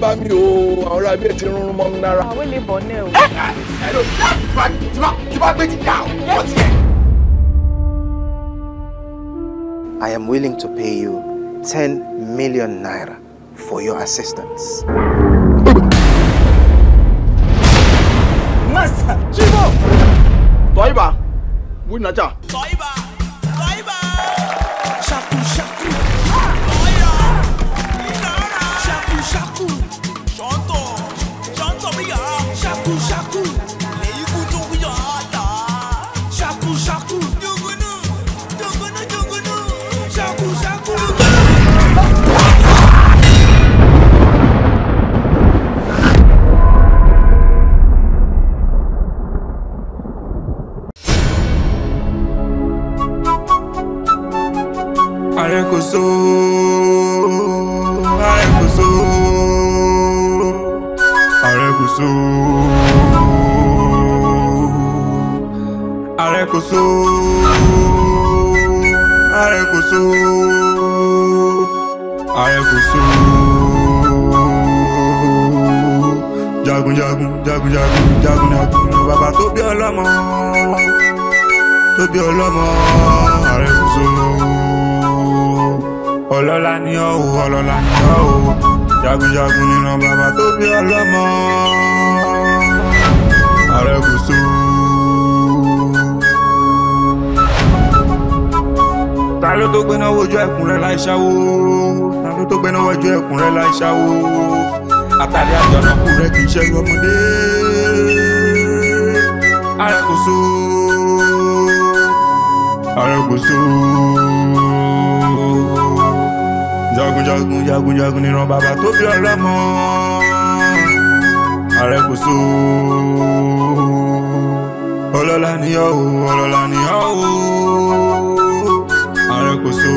bá mi o àwọn ará bíi ti rúnrún mọ́ mi lára. àwọn ilé bọ̀ náà o. ẹ ẹ ló ti bá gbé ti dà o wọ́n ti I am willing to pay you 10 million naira for your assistance. Master! Chibo! Toiba! Winaja! ẹkùn rẹ láì ṣáwó tàbí tó gbẹ́ná wájú ẹkùn rẹ láì ṣáwó àtàrí àjànàkú rẹ kì í ṣẹ́rú ọmọdé arẹkòso arẹkòso jagunjagun jagunjagun níran bàbá tó bí ọ̀rẹ́ mọ́ arẹkòso ọlọ́lá ni ọ́ o ọlọ́lá ni ọ́ o. Arẹ́kòso.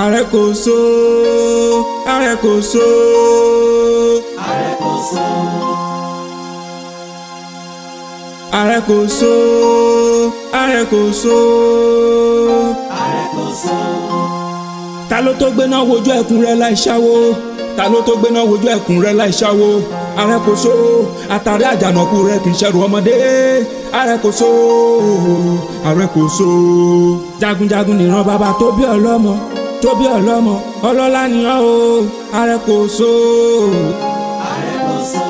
Arékòso Arékòso Arékòso Arékòso Arékòso Arékòso. Ta ló tó gbéná wojú ẹkùn rẹ láì ṣáwó ta ló tó gbéná wojú ẹkùn rẹ láì ṣáwó Arékòso àtàrí àjànàkú rẹ kì í ṣẹrù ọmọdé Arékòso Arékòso. jagunjagun nìran bàbá tó bí ọlọ́mọ tóbi ọlọ́mọ ọlọ́lá nìyọ́ o so, arẹ́kọ̀ọ́sọ.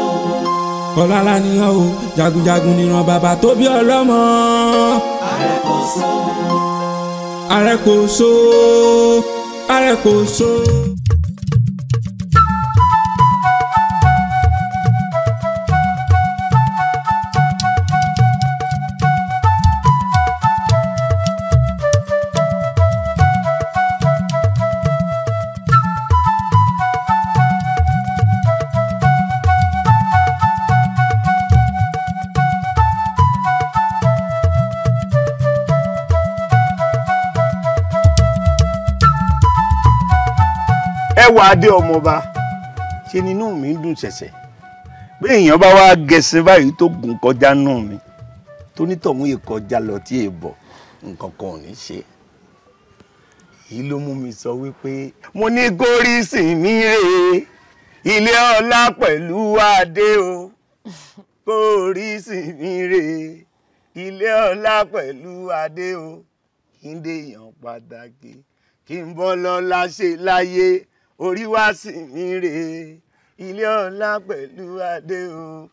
ọlọ́lá nìyọ́ o jagunjagun nìran bàbá tóbi ọlọ́mọ. arẹ́kọ̀ọ́sọ. arẹ́kọ̀ọ́sọ. so. wá dé ọmọọba ṣe ni inú mi ń dùn ṣẹ̀ṣẹ̀ pé èèyàn bá wá gẹṣin báyìí tó gùn kọjá nù mi tó yìí kọjá lọ tí èè bọ̀ nǹkan kan ò ní ṣe èyí ló mú mi sọ wípé mo ní kórìsì mi rèé ilé ọlá pẹ̀lú adé o kórìsì mi rèé ilé ọlá pẹ̀lú adé o kí n dé èèyàn pàtàkì kí n bọ́ lọ́la ṣe láyé orí wá sí mi rè ilé ọlá pẹ̀lú adé o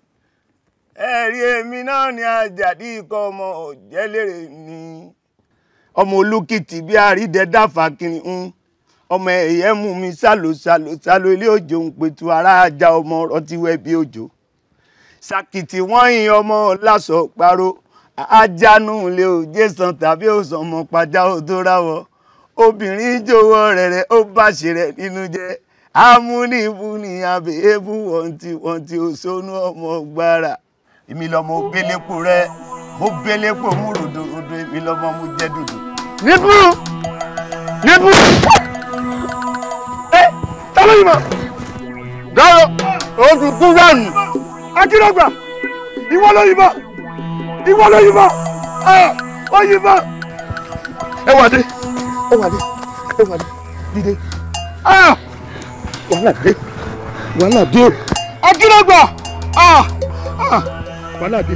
ẹ̀rí èmi náà ni àjàdí ikọ̀ ọmọ òjẹ́lérè mi ọmọ olókìtì bí àrídẹ dáfà kiri ń ọmọ ẹ̀yẹ mú mi sálò sálò sálò ilé òjò ń pẹ̀tù ara ajá ọmọ ọtí wẹ́ bí òjò sàkìtì wọ́n yin ọmọ lásọ̀ parọ́ ajánú ilé òjé san tàbí òsàn ọmọ pàjá òdó ráwọ̀ obìnrin jọ̀wọ́ rẹ̀rẹ̀ ó bàṣẹ rẹ̀ nínú jẹ́ amúnibúni àbẹ̀ẹ́bù wọ̀ntìwọ̀ntì òṣónú ọmọ gbára. èmi lọmọ gbélépo rẹ mo gbélépo mú rodo rodo èmi lọmọ mo jẹ dòdò. níbú níbú ẹ tálóyìn mọ dọrọ oògùn kú ránù akínọgbà ìwọ ló yìnbọn ìwọ ló yìnbọn ọ yìnbọn ẹ wà dé ó wà dé ó wà dé dídé ah! wàhálà dé wàhálà dé akínàgbà ah! Ah! wàhálà dé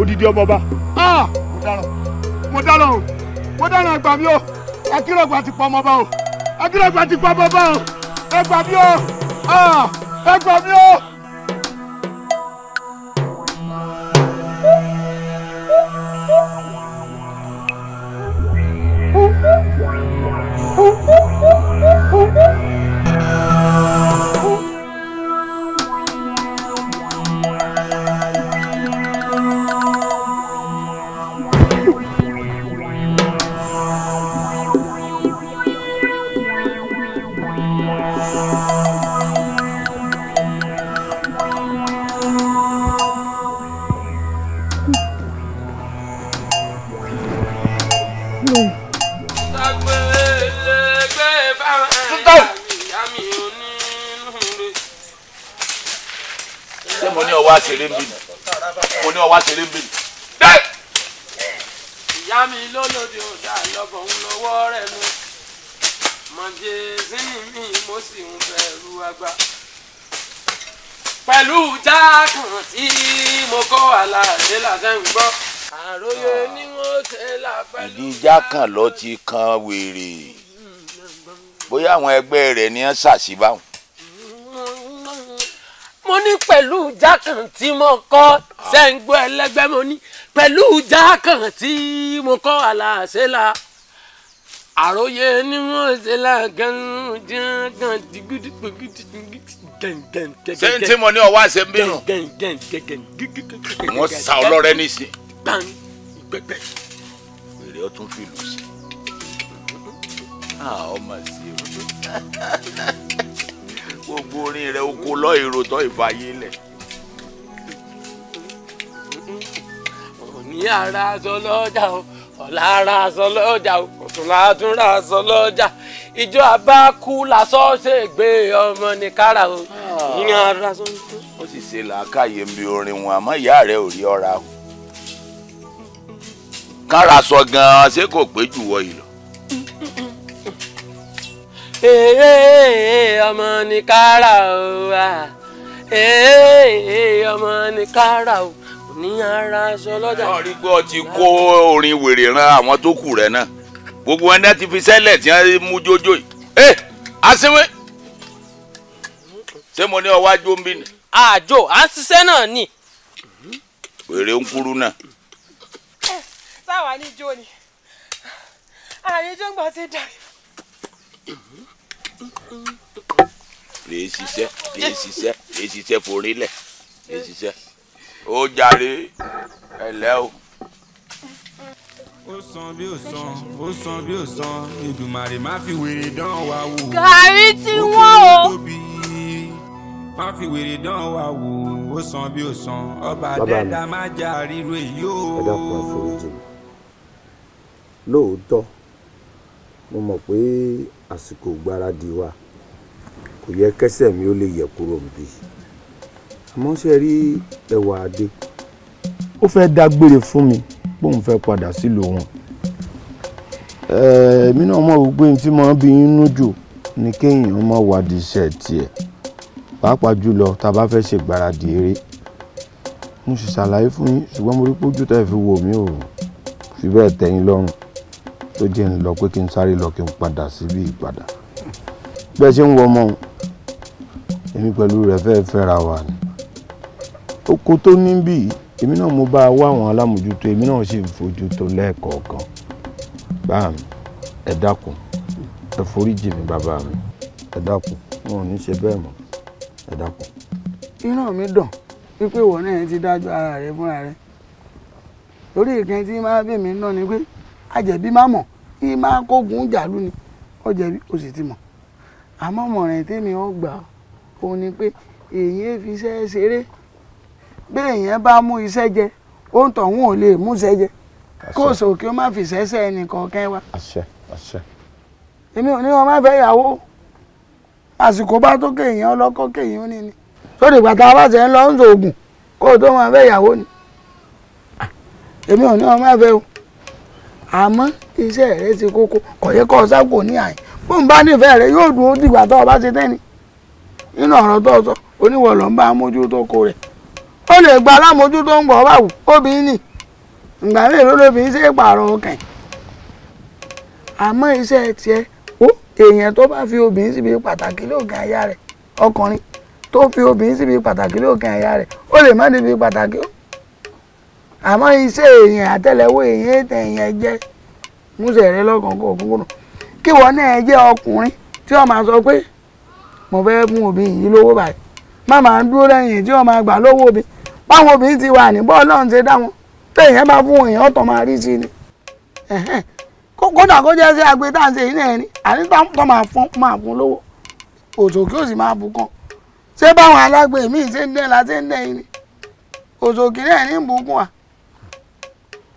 odidi ọmọ ọba mo dáràn mo dáràn o mo dáràn ẹgbà mi o akínàgbà ti pa ọmọ ọba o akínàgbà ti pa ọmọ ọba o ẹgbà mi o ẹgbà mi o. kàn lọ ti kan wèrè bóyá àwọn ẹgbẹ́ rẹ̀ ni wọ́n ṣàṣìbáwọn. mo ní pẹ̀lú ìjà kan tí mo kọ́ sẹ́ńgbọ́ ẹlẹ́gbẹ́ mo ní pẹ̀lú ìjà kan tí mo kọ́ àlàáṣẹ́ àròyé ni wọ́n ṣe lágànú jẹ́ gan digidi ṣé n tí mo ní ọwọ́ àṣẹ ń bínú. wọ́n sa ọlọ́rẹ́ nísìn rẹ̀ ó tún fìlù sí ọmọ sí o gbogbo orin rẹ̀ oko lọ èrò tó ìfàyè lẹ̀. òní ara aṣọ lọ́jà o ọ̀la ara aṣọ lọ́jà o ọ̀túnla àtúnra aṣọ lọ́jà ìjọ abákú làṣọ ṣe gbé ọmọ ní kára o. Ah. ó sì ṣe làákàyè mi orin wọn àmọ́ ìyá rẹ̀ ò rí ọ̀ra o kára sọ gan-an ṣé kò pé jù wọ ìlọ. èè ọmọ ní kára o èè ọmọ ní kára o ní ara aṣọ lọ́jà. náà rí pé ọ ti kó orin wèrè ran àwọn tó kù rẹ náà gbogbo wọn náà ti fi sẹ́lẹ̀ tí wọ́n mú jójó yìí. ẹ asínwé ṣé mo ní ọwájú ń ni. àjò à ń ṣiṣẹ́ náà ni. wèrè ń kúrú náà ṣáwa níjó ni àníjó ń gbà ti dàrí. lè ṣiṣẹ́ lè ṣiṣẹ́ lè ṣiṣẹ́ forílẹ̀ lè ṣiṣẹ́ ó jàre ẹ̀lẹ́ o ó san bí ó san ó san bí ó san Èdùmàrè má fi wèrè dán wa wò. gàrí tí wọ́n o. má fi wèrè dán wa wò ó san bí ó san ọba dẹ́dá má jà ríro èyí o. ẹ dákun àforíjì mi Lóòótọ́, mo mọ̀ pé àsìkò ìgbáradì wa kò yẹ kẹ́sẹ̀ mi ó lè yẹ̀ kúrò níbí. Àmọ́ ṣé ẹ rí ẹwà Adé? Ó fẹ́ dágbére fún mi pé òun fẹ́ padà sílùú wọn. Èmi náà mọ̀ wípé n tí máa ń bí inú jù ni kéèyàn máa wádìí iṣẹ́ tiẹ̀. Pàápàá jùlọ tá a bá fẹ́ ṣègbáradì eré. Mo sì ṣàlàyé fún yín ṣùgbọ́n mo rí pójú tẹ́ fi wò mí ò fi bẹ́ẹ̀ tẹ́yìn lọ́rùn pé díẹ̀ ń lọ pé kí n sáré lọ kí n padà síbí ìpadà bẹ́ẹ̀ ṣe ń wọ ọmọ èmi pẹ̀lú rẹ̀ fẹ́ fẹ́ra wa ni oko tó ní bí èmi náà mo bá wá àwọn alámòjútó èmi náà sì ń fojú tó lẹ́ẹ̀kọ̀ọ̀kan bá mi ẹ dákun ẹ foríjì mi bàbá mi ẹ dákun wọn ò ní ṣe bẹ́ẹ̀ mọ́ ẹ dákun. iná mi dàn wípé ìwọ náà ti dájọ́ ara rẹ fúnra rẹ torí ìkẹyìn tí máa bèmí náà ni pé àjẹ̀bí má mọ̀ kí máa kógun jàlú ni ó jẹ̀bi ó sì ti mọ̀ àmọ́ mọ̀ràn tèmi ó gbà ó ní pé èyí fi iṣẹ́ ṣeré bí èèyàn bá mú iṣẹ́ jẹ ohun tọ̀hún ò lè mú iṣẹ́ jẹ kó sọ kí ó má fi sẹ́sẹ́ ẹnìkan kẹ́ wa. àṣẹ àṣẹ. èmi ò ní wọn má fẹ́ ìyàwó àsìkò bá tó kéèyàn ọlọ́kọ́ kéèyàn ní ni sórí ìgbà tá a bá ṣe ń lọ ń sọ oògùn kó o tó máa fẹ́ ìyàwó ni èmi ò ní wọn má fẹ́ o. àmọ́ iṣẹ́ ere ti kókó kọ̀yẹ́ kọ́ sáko ní àyìn bó ń bá nífẹ̀ẹ́ rẹ yóò dùn ó dìgbà tó o bá ṣe tẹ́ni nínú ọ̀rọ̀ tó o sọ oníwọ̀ ló ó lè gba alámójútó ń bá wù obìnrin nì ìgbà ló fi ṣe èèyàn tó bá fi obìnrin síbi pàtàkì lóògùn rẹ̀ ọkùnrin tó fi obìnrin síbi pàtàkì lóògùn rẹ̀ ó lè má àmọ́ iṣẹ́ èèyàn àtẹ́lẹwọ́ èèyàn ètèèyàn jẹ́ múṣẹ̀ rẹ lọ́kàn kò kúrò kí wọ́n náà jẹ́ ọkùnrin tí wọ́n máa sọ pé mo fẹ́ fún obìnrin yìí lówó báyìí má máa dúró lẹ́yìn tí wọ́n máa gbà lówó obìnrin báwọn obìnrin ti wà ní bọ́ọ̀lù ọ̀hún ṣe dá wọn téèyàn bá fún èèyàn ọ̀tọ̀ máa rí sí ni kódà kó jẹ́ sí agbe tá à ń ṣe yìí náà ni àní tó máa fún máa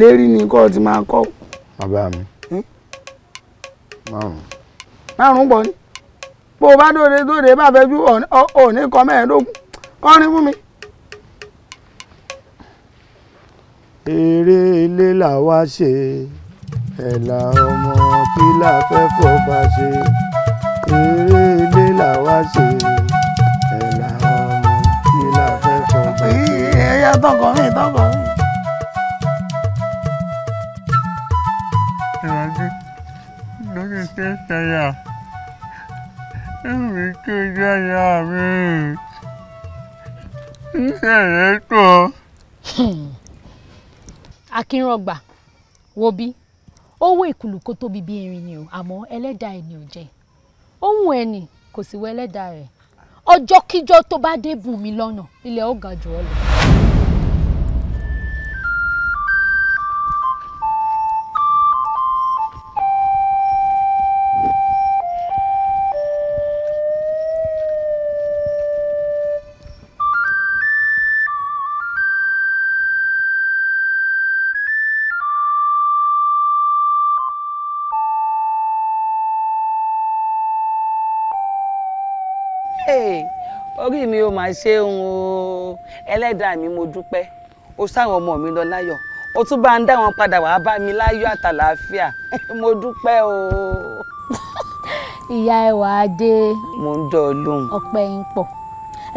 lérí ni kọ́ ọ ti máa kọ́. bàbá mi hm? márùn. márùn bọ̀ ni bó o bá dòde dòde bá fẹ́ ju òní kan mẹ́ẹ̀ẹ́dógún kọrin fún mi. eré ilé là wá ṣe ẹ̀là ọmọ kí la fẹ́ fọba ṣe eré ilé là wá ṣe ẹ̀là ọmọ kí la fẹ́ fọba ṣe. ẹ̀yà tọkọ mi tọkọ mi. ó ti tẹ́ sáyà èmi tó yáyà mi ìṣẹ̀lẹ̀ pọ̀. akínrọ̀gbà wo bí owó ìkùlù kó tóbi bí irin ni o àmọ́ ó máa ṣeun o ẹlẹ́dàá mi mo dúpẹ́ ó sáwọn ọmọ mi lọ láyọ̀ ó tún bá ń dá wọn padà wàá bá mi láyọ̀ àtàlàáfíà mo dúpẹ́ o. ìyá ẹwà adé. mo ń dọ̀ lóhùn. ọpẹ́ yín pọ̀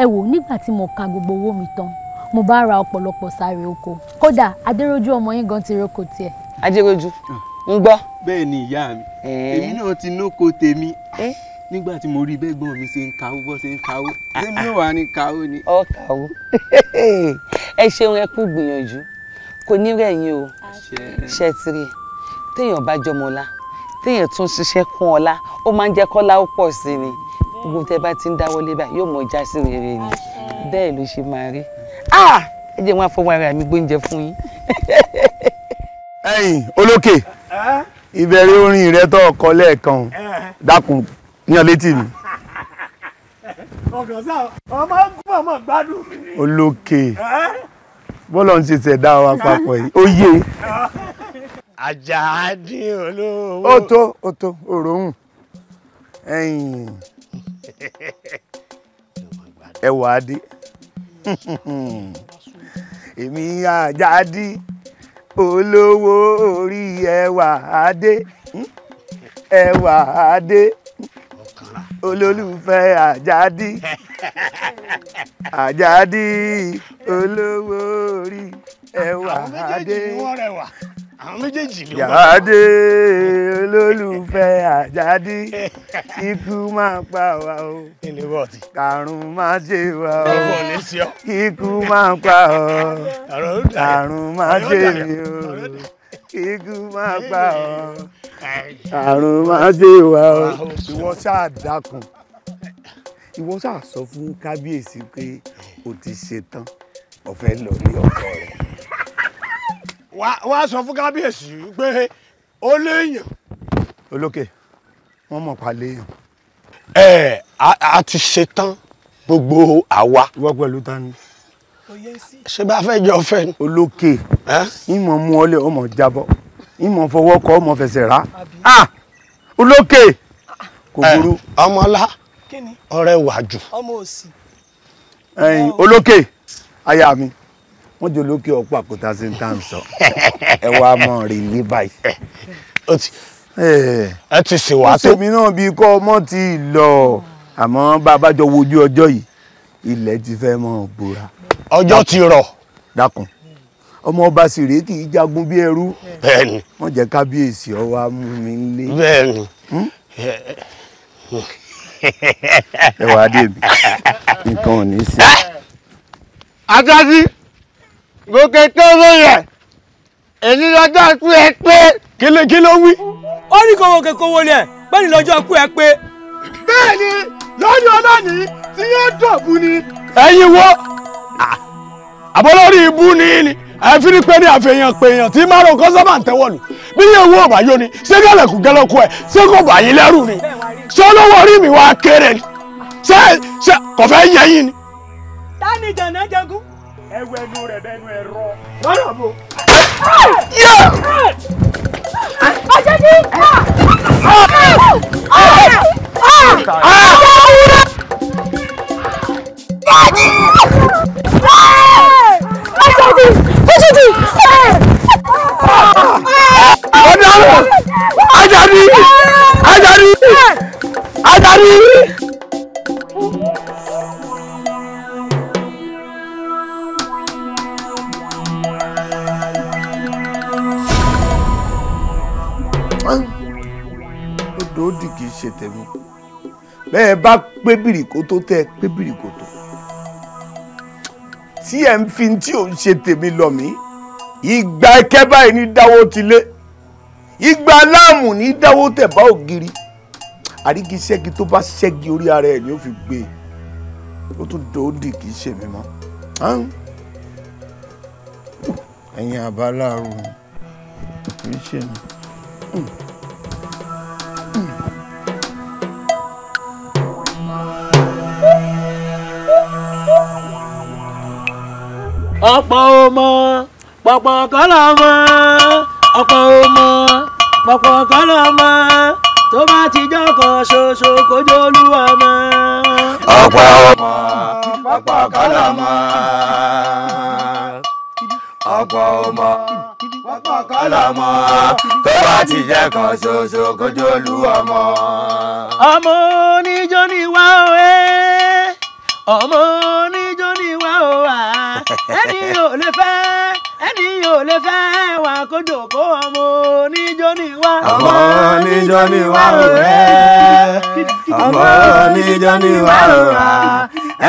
ẹ wò nígbà tí mo ka gbogbo owó mi tán mo bá ra ọ̀pọ̀lọpọ̀ sáré oko kódà adéròjú ọmọ yín gan ti roko tiẹ̀. adéròjú ń gbọ́. bẹ́ẹ̀ ni ìyá mi èmi náà ti nóko tèmi nígbà tí mo rí bẹ́gbọ́n mi ṣe ń kawó bọ́ ṣe ń kawó ṣé mi ò wá ní kawó ni. ọ kawó ẹ ṣeun ẹ kú gbìyànjú kò ní rẹ̀yìn o ṣe tiri téèyàn bá jọmọlá téèyàn tún ṣiṣẹ́ kún ọlá ó máa ń jẹ́ kọ́lá ó pọ̀ sí ni gbogbo tẹ bá ti ń dáwọ́lé báyìí yóò mọ̀ já sí rere ni bẹ́ẹ̀ ló ṣe máa rí ẹ jẹ́ wọn afọwọ́ ara mi gbóúnjẹ fún yín. ẹ̀yin olókè ìbẹ̀rẹ̀ orin rẹ tó lẹ́ẹ̀kan dákun yan létí mi. ọ̀gá sá ọmọ gbọ́n mọ̀ gbádùn. olókè bọ́lọ̀ ń ṣe ṣẹ̀dá wa papọ̀ yìí ó yé. ajá dín olówó. ó tó ó tó òróhùn ẹwà adé èmi ajá dín olówó orí ẹwà adé ẹwà adé olólùfẹ́ àjàdí àjàdí olówó orí ẹwà adé àwọn méjèèjì ni wọn. jáde olólùfẹ́ àjáde ikú máa pa wá o. ilé máa ṣe wá o. ikú máa pa ọ. kàrùn máa ṣe mi o eégún máa gbà ọ́ àrùn máa dé wa ọ́ ìwọ ṣáà dákun ìwọ ṣáà sọ fún kábíyèsí pé o ti ṣetán o lọ ní ọkọ rẹ. wàá sọ fún kábíyèsí pé ó léèyàn. olókè wọn mọ̀ pa léèyàn. ẹ a ti ṣetán gbogbo àwa. ìwọ pẹ̀lú ta ṣé bá fẹ́ jọ fẹ́ ni. olókè ìmọ̀ mú ọlẹ̀ ọmọ jábọ̀ ìmọ̀ fọwọ́ kọ ọmọ fẹsẹ̀ rà olókè kò burú. ọmọlá ọ̀rẹ́ wàjù. ọmọ òsì. olókè aya mi wọ́n jẹ́ olókè ọ̀pọ̀ àkótá sí ní tàn sọ ẹ wá mọ̀ rí ní báyìí. ẹ ti sì wá tó. ìṣèmi náà bíi kọ́ ọmọ ti lọ àmọ́ bá a bá jọ wojú ọjọ́ yìí ilẹ̀ ti fẹ́ mọ́ bóra ọjọ́ ti rọ̀. dákun ọmọ ọba sì rèé kì í jagun bí ẹrú. bẹ́ẹ̀ni. wọn jẹ kábíyèsí ọwọ amú mi lé. bẹ́ẹ̀ni. Hmm? ẹ wàá nǹkan ò ní í ṣe. àtàtì ah! gòkè tó lóye èyí lọ́jọ́ kú ẹ pé. kí ló wí. ó ní kò wọ́n kò wọlé ẹ̀ bẹ́ẹ̀ ni kú ẹ pé. bẹ́ẹ̀ ni náà ní tí yóò dọ̀bù ni. ẹ̀yin wo. Ah! àbọ̀lórí ibú ni ni àfiri pé ní àfihàn pèèyàn tí máa ro kọ́sọ́mà ń tẹ́wọ̀ lù bí yẹn owó ọ̀bà yóò ni ṣé gẹ̀lẹ́kù gẹ̀lẹ́kù ẹ̀ ṣé kò bà yín lẹ́rù ni ṣé lówó orí mi wá kéré ni ṣé ṣé kò fẹ́ yẹ yín ni. tani jàǹdà jagun. ẹwù ẹnu rẹ bẹnu ẹ rọ. lọ́nà bò. ọjọ́ ní. ọjọ́ ní méjèèjì. ọ̀daràn Àjàní Àjàní Àjàní. odò ó dì kì í ṣe tẹ̀mí bẹ́ẹ̀ bá pébìrì kó tó tẹ́ pébìrì kó tó tí ẹ̀ ń fi tí ò ń ṣe tèmi lọ mí ìgbà ẹkẹ báyìí ní dáwó ti lé ìgbà aláàmù ní dáwó tẹ̀ bá ògiri àrígi ṣẹ́gi tó bá ṣẹ́gi orí ara ẹ̀ ni ó fi gbé e ó tún dòódì kì í ṣe mi mọ́ ẹ̀yin àbá kì í ṣe mi. Mm. ọ̀pọ̀ ọmọ pọ̀pọ̀ kọ́lọ̀ ọmọ ọ̀pọ̀ ọmọ pọ̀pọ̀ kọ́lọ̀ ọmọ tó bá ti jọ́kọ̀ ṣoṣo kójú olúwa mọ́. ọ̀pọ̀ ọmọ pọ̀pọ̀ kọ́lọ̀ ọmọ ọ̀pọ̀ ọmọ pọ̀pọ̀ kọ́lọ̀ ọmọ tó bá ti jẹ́kọ̀ ṣoṣo kójú olúwa mọ́. ọmọ oníjó ni wá òwe eh. ọmọ oníjó ẹni yóò lè fẹ́ ẹni yóò lè fẹ́ wà kó jòkó ọmọ oníjó ni wá. ọmọ oníjó ni wá ò rẹ́ ọmọ oníjó ni wá o rà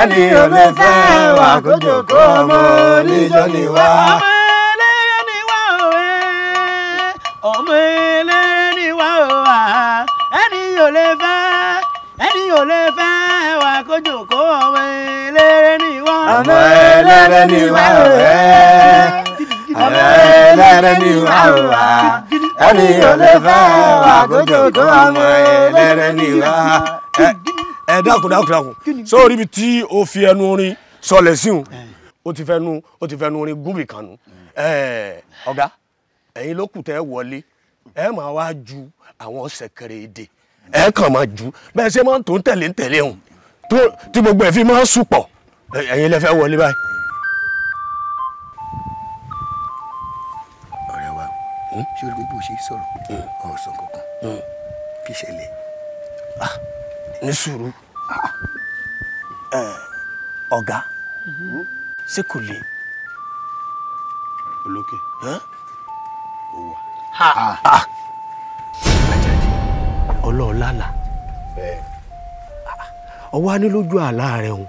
ẹni yóò lè fẹ́ wà kó jòkó ọmọ oníjó ni wá. ọmọ ẹlẹ́yẹ ni wá ò rẹ́ ọmọ ẹlẹ́yẹ ni wá ò rà ẹni yóò lè fẹ́ ẹni yóò lè fẹ́ wà kó jòkó ọmọ ẹlẹ́yẹ ni wá. ọmọ ẹlẹ́rẹ́ ni wà ọ̀rẹ́ ọ̀rẹ́ ẹlẹ́rẹ́ ni wà wà ẹni ọ̀lẹ́fẹ́ wà gógógó ọmọ ẹlẹ́rẹ́ ni wà. ẹ dákun dákun dákun sórí ibi tí o fi ẹnu orin sọlẹ̀ sí o o ti fẹnu o ti fẹnu orin gúbì kanu ọ̀gá ẹ̀yin ló kù tẹ́ wọlé ẹ máa wá ju àwọn ṣẹ̀kẹ̀rẹ̀ èdè ẹ kàn máa ju bẹ́ẹ̀ ṣe máa ń tó ń tẹ̀lé ń tẹ̀lé hàn tí gbogbo ẹ̀ fi máa ń sùpọ̀ ẹ̀yin lẹ fẹ́ wọlé báyìí. ọ̀rẹ́ wa hmm? ṣé o rí bó ṣe sọ̀rọ̀ hmm. ọ̀sán kankan hmm. kí ṣẹlẹ̀. Ah, ní sùúrù ah. eh, ọ̀gá ṣé kò le. olókè ó wà. Ah. ọlọ́ọ̀lá là ọwọ́ á ní lójú àlá rẹ̀ òun.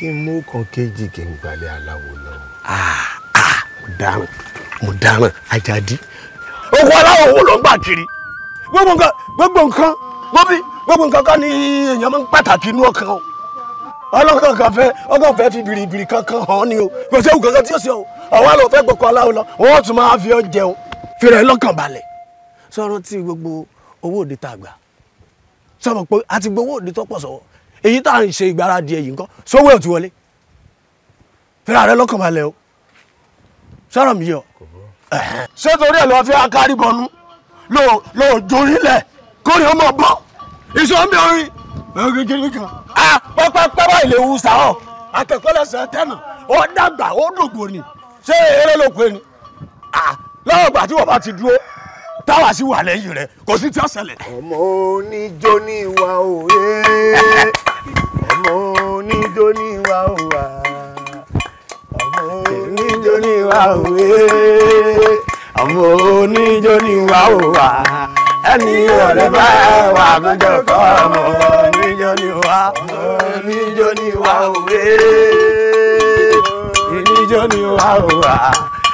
kí n mú kan kéjì kí n gbalẹ̀ aláwo lọ. mo dáràn mo dáràn ajadi. oògùn aláwọ̀ wo ló ń gbà kiri gbogbo nǹkan gbogbo nǹkan gbóbi gbogbo nǹkan kan ní èèyàn máa ń pàtàkì inú ọkàn o ọlọ́kàn kan fẹ́ ọkàn fẹ́ fi bìrìbìrì kankan hàn ni o kò sí ògùn kankan tí ó sì ọ àwa ló fẹ́ gbọ̀kọ̀ aláwo lọ wọ́n tún máa fi ọ jẹun fèrè lọ́kàn balẹ̀ sọ̀rọ̀ tí gbogbo owó òde tá a gbà sọ̀rọ̀ pé a ti gbowó òde tó pọ̀ sọ̀wọ́ èyí tá à ń ṣe ìgbáradì èyí nǹkan sówó ẹ̀ wọlé fẹ́ràn rẹ lọ́kàn balẹ̀ o sọ̀rọ̀ mi yọ. ṣé torí ẹ̀ lọ́ọ́ fi akárí bọnú lò lò jórí lẹ̀ kórè ọmọ bọ́ iṣẹ́ ń bẹ orin gègèrè kan. a pẹpẹ pẹpẹ ìlè wù sàọ akẹ́kọ̀ọ́ lẹ́sẹ̀ tẹnà ó dàgbà ó dògbò ni ṣé eré ló pe ni lọ́wọ́ ìgbà tí wọ́n bá ti dúró táwa sì wà lẹ́yìn rẹ̀ kò sí tí ó ṣẹlẹ̀. ọmọ oníjó ní ìwà òye ọmọ oníjó ní ìwà òwà ọmọ oníjó ní ìwà òye ọmọ oníjó ní ìwà òwà ẹni ọ̀rẹ́ bá wà kọjọ kọ́ ọmọ oníjó ní ìwà oníjó ní ìwà òye oníjó ní ìwà òwà.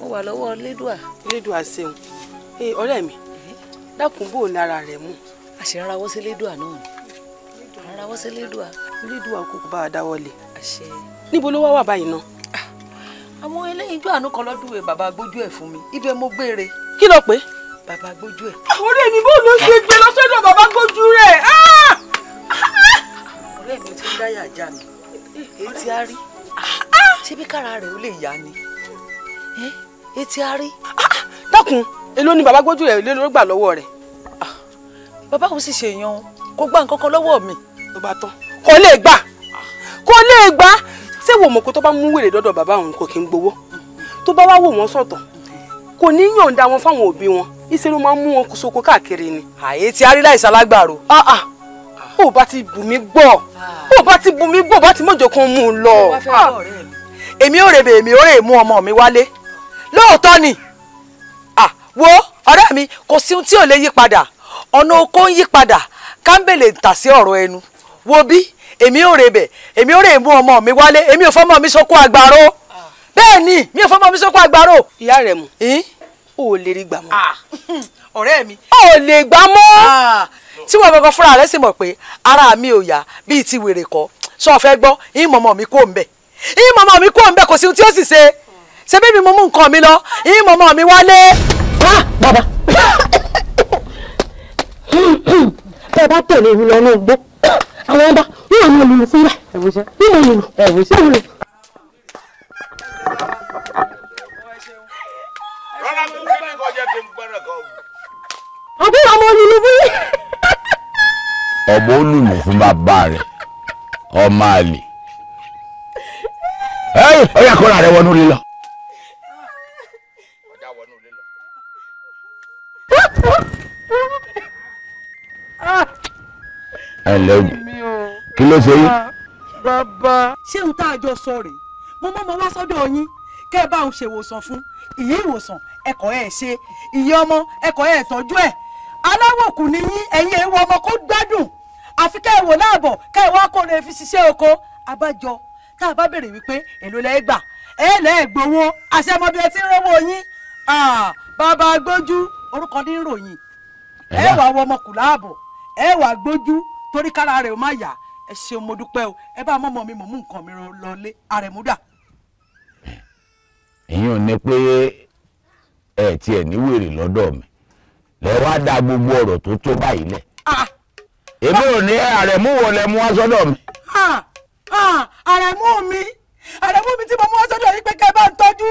mo wà lọ́wọ́ lédùà. lédùà ṣeun ọ̀rẹ́ mi dákun bò ní ara rẹ̀ mú. àṣẹ ń rawọ́ sí lédùà náà ni ń rawọ́ sí lédùà. lédùà kò bá a dáwọ́ lé. àṣẹ. níbo ló wá wà báyìí náà. Ah, àwọn eléyìí jọ àánú kan lọ́dún ẹ̀ bàbá gbójú ẹ̀ fún mi ibẹ̀ mo gbére. kí ló pé. bàbá gbójú ẹ̀. Ah, ọ̀rẹ́ mi bó ló ṣe gbé lọ sọ́dọ̀ bàbá gbójú rẹ̀. Ah! ọ̀rẹ́ mi ti ń dáyà já mi èyí a á rí ṣé bí kára rẹ̀ ó lè yá ni etí arí. Ah, dákun èló ni bàbá gbójú rẹ̀ lé ló gbà lọ́wọ́ rẹ̀. Ah, bàbá òun sì ṣèyàn kó gbà nǹkan kan lọ́wọ́ mi. ló bá tán kò lè gbà kò lè gbà ṣé wò mọ̀ kó tó bá mú wèrè dọ́dọ̀ bàbá òun kò kí ń gbowó tó bá wá wò wọ́n sọ̀tọ̀ kò ní yọ̀ǹda wọn fáwọn òbí wọn ìṣeré máa ń mú wọn soko káàkiri ni. àyè tí arí láìsí alágbàro. Ah, ó bá ti bù mí gbọ́ ó bá ti bù mí gbọ́ bá ti mọ̀jọ̀ kan mú un lọ. èmi ò rèbè èmi ò rè mú ọmọ mi wálé lóòótọ́ ni wo ọ̀rẹ́ mi kò sí ohun tí ò lè yí padà ọ̀nà oko ń yí padà kámbèlè tà sí ọ̀rọ̀ ẹnu wo bí èmi ò rebẹ̀ èmi ò rè mú ọmọ mi wálé èmi ò fọmọ mi sóko àgbàrò bẹ́ẹ̀ ni mi ò fọmọ mi sóko àgbàrò. ìyá rẹ mu o ò lè rí gbà mọ́. ọ̀rẹ́ mi. o ò lè gbà mọ́ tí wọn gbọgbọ fúnra rẹ sì mọ̀ pé ara mi ò yá bíi ti wèrè kọ́ sọ fẹ́ gbọ́ ìmọ̀mọ̀ mi kò ń bẹ̀ ìmọ̀mọ̀ mi kò ń bẹ̀ kò sí ohun tí ó sì ṣe ṣé bébí mo mú nǹkan mi lọ yín mọ̀mọ́ mi wálé. bàbá bẹ́ẹ̀ bá tẹ̀lé mi lọ ní igbó àwọn ọba yóò mú lulu fún rẹ̀ yóò mú lulu yóò mú lulu. àbí ọmọ lulu fún yín. ọmọ olùlù fún bàbá rẹ̀ ọmọ àlè. ẹ̀yìn ọyà kọ́ra rẹ̀ wọnú lílọ. ẹ ǹlẹ́ o kí ló ṣe yín. bàbá. ṣé n tá a jọ sọ rèé mo mọ́ mo wá sọ́dọ̀ yín kẹ́ ẹ bá òun ṣèwòsàn fún ìyí ìwòsàn ẹ̀kọ́ ẹ̀ ṣe ìyí ọmọ ẹ̀kọ́ ẹ̀ tọ́jú ẹ̀ aláwòkù ni yín ẹ̀yin ẹ̀ wọ ọmọ kó gbádùn àfi kẹ́ ẹ wò láàbọ̀ kẹ́ ẹ wá kó lè fi ṣiṣẹ́ oko abájọ tá a bá béèrè wípé èló lẹ́ẹ̀ gbà ẹ̀ lẹ́ẹ̀ gbowó àṣẹ ọmọ bíi ẹ ti ń rówó yín ah, bàbá gbójú orúkọ ní ìròyìn ẹ wà wọ ọmọkùnrin ààbọ̀ ẹ wà gbójú torí kára rẹ̀ ó má yá ẹ ṣeun mo dúpẹ́ o ẹ bá mọ́mọ́ mi mọ̀ nǹkan mi lọlé àrẹ̀múdà. ìyún ni pé ẹ tiẹ̀ ní wèrè lọ́dọ̀ mi lẹ wá da gbogbo ọ̀rọ̀ tó tó báyìí lẹ̀. Ah! èmi ò ní àrẹ̀mú wo mú wá sọ́dọ̀ mi. àrẹ̀mú mi àrẹ̀mú mi tí mo mú wá sọ́dọ̀ yìí pé kẹ́ ẹ bá ń tọ́jú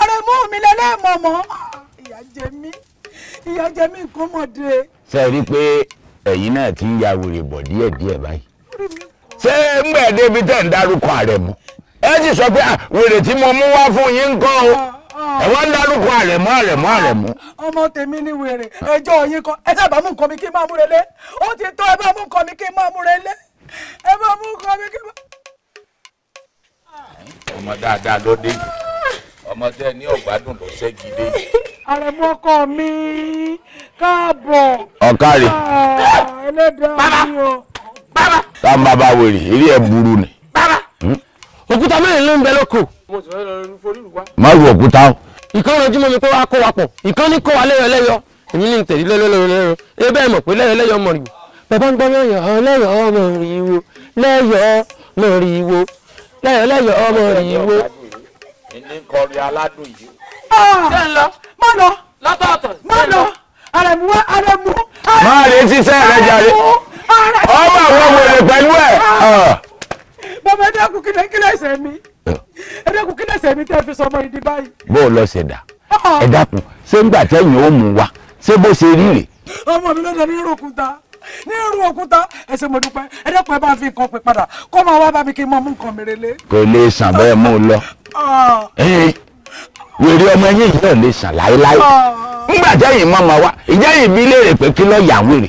àrẹ̀mú mi lẹ́lẹ́mọ̀mọ́ ah! ìyá jẹ mí. ìyá jẹ mí nǹkan mọ̀dé. ṣé rí i pé ẹ̀yin ti ya wèrè bọ̀ díẹ̀díẹ̀ báyìí. ṣé débi tẹ̀ ń dárúkọ ààrẹ mọ́ ẹ sọ pé wèrè tí mo mú wá fún yín kọ́ o ah, ah. ẹ wá ń dárúkọ ààrẹ ọmọ tèmi ni wèrè ẹjọ́ yín kan mi kí n máa múrelé ó ti tó ẹ bá mú nǹkan mi kí n máa múrelé ẹ bá mi kí n máa. ọmọ dáadáa ló dé yìí. ọmọ tẹ ní ọgbádùn ló ṣẹ́gi dé. àrẹ̀mú ọkọ mi káàbọ̀. ọ̀kárì. Ah, ẹlẹ́dàá mi o. bàbá. tá n bá bá wèrè eré ẹ̀ burú ni. bàbá. Hmm? òkúta mẹ́rin ló ń bẹ lóko. mo sì fẹ́ lọ forí ìlú wa. má lu òkúta o. ìkan rojú mọ́ mi pé wàá kó wa pọ̀ ìkan ní kó wa lẹ́yọ lẹ́yọ èmi ní tẹ̀lé lọ́lọ́lọ́rọ́ lẹ́rọ ẹ bẹ́ẹ̀ mọ̀ pé lẹ́yọ lẹ́yọ mọ̀rìwò bàbá ń gbọ́ lẹ́yọ lẹ́yọ mọ̀rìwò lẹ́yọ lẹ́yọ lẹ́yọ mọ̀rìwò ẹni kọrin aládùn yìí. Ah! ṣé ń lọ. má lọ. lọ́tọ̀ọ̀tọ̀. má lọ. àrẹ̀mú wá àrẹ̀mú. máa rí ṣiṣẹ́ rẹ jàre. ọmọ àwọn wèrè pẹ̀lú ẹ̀. Ah! Ah! bàbá ẹ̀dẹ́kùn kílẹ̀ kílẹ̀ ẹ̀sẹ̀ mi ẹ̀dẹ́kùn kílẹ̀ ẹ̀sẹ̀ mi tẹ́ fi sọmọ ìdí báyìí. bó o lọ ṣẹ̀dá ẹ̀dá kù ṣé ń gbà tẹ́yìn ó mú wa ṣé bó ṣe rí rè. ọmọ mi ló lọ ní ìròkúta ní irú òkúta ẹsẹ mo dúpẹ́ ẹ dẹ́kun ẹ bá fi nǹkan pè padà kó máa wá bá kí n máa mú nǹkan mi relé. kò lè sàn bẹ́ẹ̀ mú un lọ ah. wèrè ọmọ ẹyìn yìí náà lè sàn láéláé ah. ńgbà jẹ́yìn mọ́ ọmọ wa ìjẹ́yìn bí léèrè pé kí lọ́ọ́ yà ń wèrè.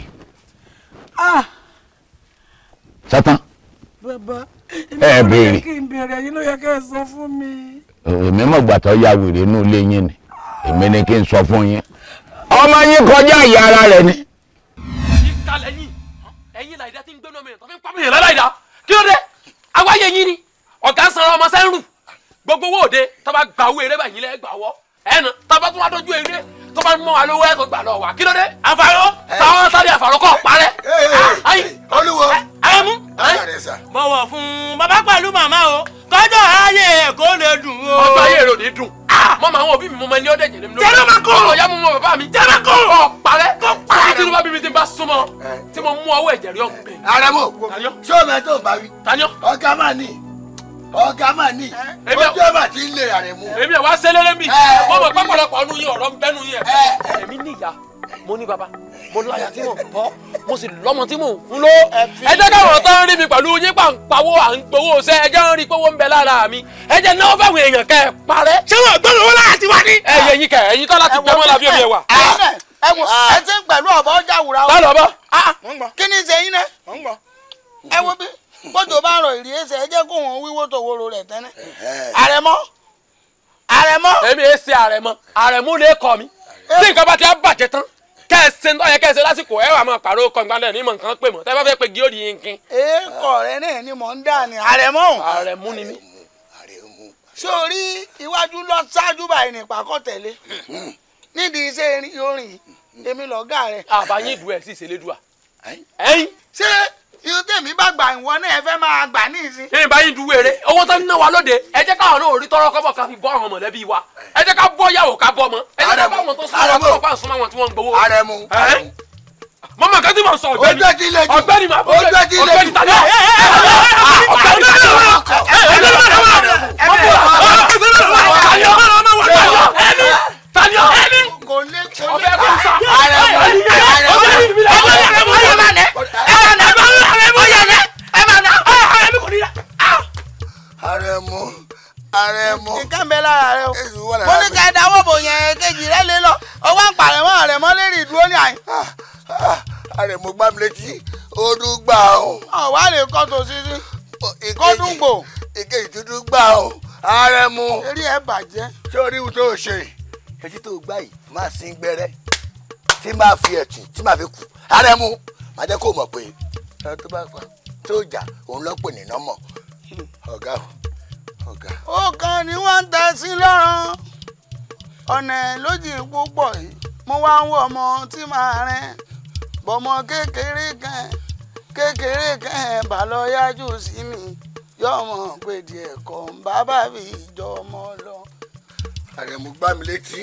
sátán ah. ẹ béèrè kí n béèrè yín ló yẹ kẹ́ ẹ sọ fún mi. èmi mọ̀ gbàtọ́ ya wèrè inú ilé yín ni èmi ni kí n sọ fún yín ọmọ yín kọjá ìyá ara rẹ̀ ni ìkà lẹ́yìn ẹ̀yin làyídá ti ń gbénu ọmọ yẹn tó fi ń pa mí yẹn lọ́láyìdá kí ló dé awáyé yín ni ọ̀gá sanra ọmọ sẹ́ńrù gbogbo owó òde tó bá gba owó eré báyìí lẹ́ gbà wọ́ ẹnu tó bá tún wá dójú eré tó bá mọ alówó ẹ̀ gbà lọ wà kí ló dé àfàrọ táwọn sáré àfàrọ kọ́ parẹ́. olúwo bọ̀wọ̀ fún bàbá pẹ̀lú màmá o kọjọ́ ayé ẹ̀ lè dùn o. ọjọ́ ayé èrò ní dùn mọ màá wọn òbí mi mo máa ní ọdẹ jẹrẹ mi lórí. jẹrẹ ma kó. ọ̀ya mo mọ bàbá mi. jẹrẹ kó. ọ parẹ́. kó parẹ́. tí tinubu bíbí ti bá súnmọ́ tí mo mú ọwọ́ ẹ̀jẹ̀ rí ọ̀gbìn. àrẹ̀mọ ṣé o mẹ tó bá wí. taniọ. ọ̀gá máa ní ọ̀gá máa ní ojú ẹ̀ máa ti ń lè àrẹ̀mọ. èmi ẹ̀ wá sẹ́lẹ̀lẹ̀ mi mo mọ̀ pápálọpọ̀ ọdún yìí ọ̀rọ̀ ń bẹ́nu yìí ẹ̀ èmi níyà mo ní baba mo láyà tí mò ń bọ́ mo sì lọ́mọ tí mò ń fún ló. ẹ jẹ́ káwọn tó ń rí mi pẹ̀lú yín pàǹpawó à ń gbowó ṣe ẹ jẹ́ ń rí pówó ń bẹ lára mi ẹ jẹ́ náwó fáwọn èèyàn kẹ́ ẹ parẹ́. ṣé wọn gbọ́dọ̀ wọn láti wá ní. ẹ yẹ yín kẹ ẹyin tọ́lá ti gbẹmọ́ làbí omi wà. Ah. ẹ wo ah. ẹ ti ń pẹ̀lú ọ̀bọ jáwùrà o. báwo ah. ọba. kí ni ṣe yín náà. ẹ wo bí kótó bá rọ ìrì ẹsẹ̀ ẹ jẹ́ kó wíwó tòwòrò rẹ̀ tí nǹkan bá ti á bàjẹ́ tán kẹsẹ ọyẹ kẹsẹ lásìkò ẹ wà máa pàrọ̀ kọ nǹkan lẹ́nu ìmọ̀ nǹkan pè mọ́ tẹ́ bá fẹ́ pe gíórì yín kín. èèkọ̀ rẹ náà ni mò ń dà ní àrẹ̀mú. àrẹ̀mú ni mí. sórí iwájú lọ ṣáájú báyìí ní ìpàkọ́ tẹ̀lé nídìí iṣẹ́ orin èmi lọ́gà rẹ̀. àbáyé ìdú ẹ̀ sì ṣe lédùá. ẹ̀yin. ṣé irú tèmi bá gbà ìwọ náà ẹ fẹ́ máa gbà ní ìsín. ṣé ìbá yín du wèrè owó tó ń ná wa lóde ẹ jẹ́ káwọn náà orí tọrọ kọ́bọ̀ ká fi bọ́ àwọn mọ̀lẹ́bí wa ẹ jẹ́ ká bọ́ yàwó ká bọ́ mọ́ ẹ jẹ́ ká bọ́ àwọn tó súnmọ́ àwọn tó pa súnmọ́ àwọn tí wọ́n ń gbowó. Aremu mọ̀mọ́ kan tí mo sọ ọ̀gbẹ́ni ọ̀gbẹ́ni ma bọ́ ọ̀gbẹ́ni ọ̀gbẹ́ni ta ni ọ̀gbẹ́ni ta ni ọ̀gbẹ́ni àrẹ̀mọ àrẹ̀mọ. nǹkan bẹ lára rẹ o mo ní ká dáwọ́ bò yẹn kejì rẹ lé lọ ọwọ́ ń pàrẹ̀mọ àrẹ̀mọ lérí ìdúró ní àyè. àrẹ̀mọ ah, ah, gbá mi létí ọdún gbà o. ọ̀wá lè kọ́ tó sísí kó gbò. ìkejì dúdú gbà o àrẹ̀mọ. eré ẹ bàjẹ́. sórí ohun tó ṣe èyí tó gbà yìí máa sin gbẹrẹ tí máa fi ẹ̀tún tí máa fi kù àrẹ̀mọ máa jẹ́ kó mọ̀ pé ẹ tó bá fa tó jà òun lọ́pọ̀ nínú mọ̀ hmm. ọ̀gá o ó kàn ní wọ́n ń ta sí lọ́rùn ọ̀nà lójì púpọ̀ yìí mo wá ń wọ ọmọ tí màá rìn bọ́mọ kékeré kan kékeré kan bá lọ yájú sí mi yọmọ pé díẹ̀ kọ ń bá bàbí ìjọ ọmọ lọ. àrẹ̀mú gbá mi létí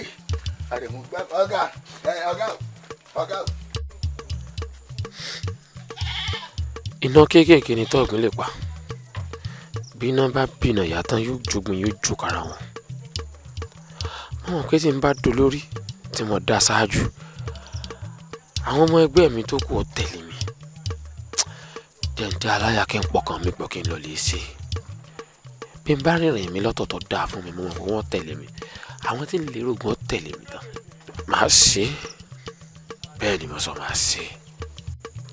àrẹ̀mú gbá ọ̀gá ọ̀gá ọ̀gá. iná kéékèèké ni tóògùn lè pa bíná bá bìnà ìyá tán yóò jogun yóò jù kára wọn mo mọ̀ pé tí n bá dolórí tí mo dá ṣáájú àwọn ọmọ ẹgbẹ́ mi tó kù ọ tẹ̀lé mi jẹ̀ǹjẹ̀ aláya kí n pọkàn mi pọ̀ kí n lọ lè ṣe bí n bá rìnrìn mi lọ́tọ̀ọ̀tọ̀ dáa fún mi mo pé wọ́n tẹ̀lé mi àwọn tí ń lérò gan tẹ̀lé mi tán màá ṣe bẹ́ẹ̀ ni mo sọ màá ṣe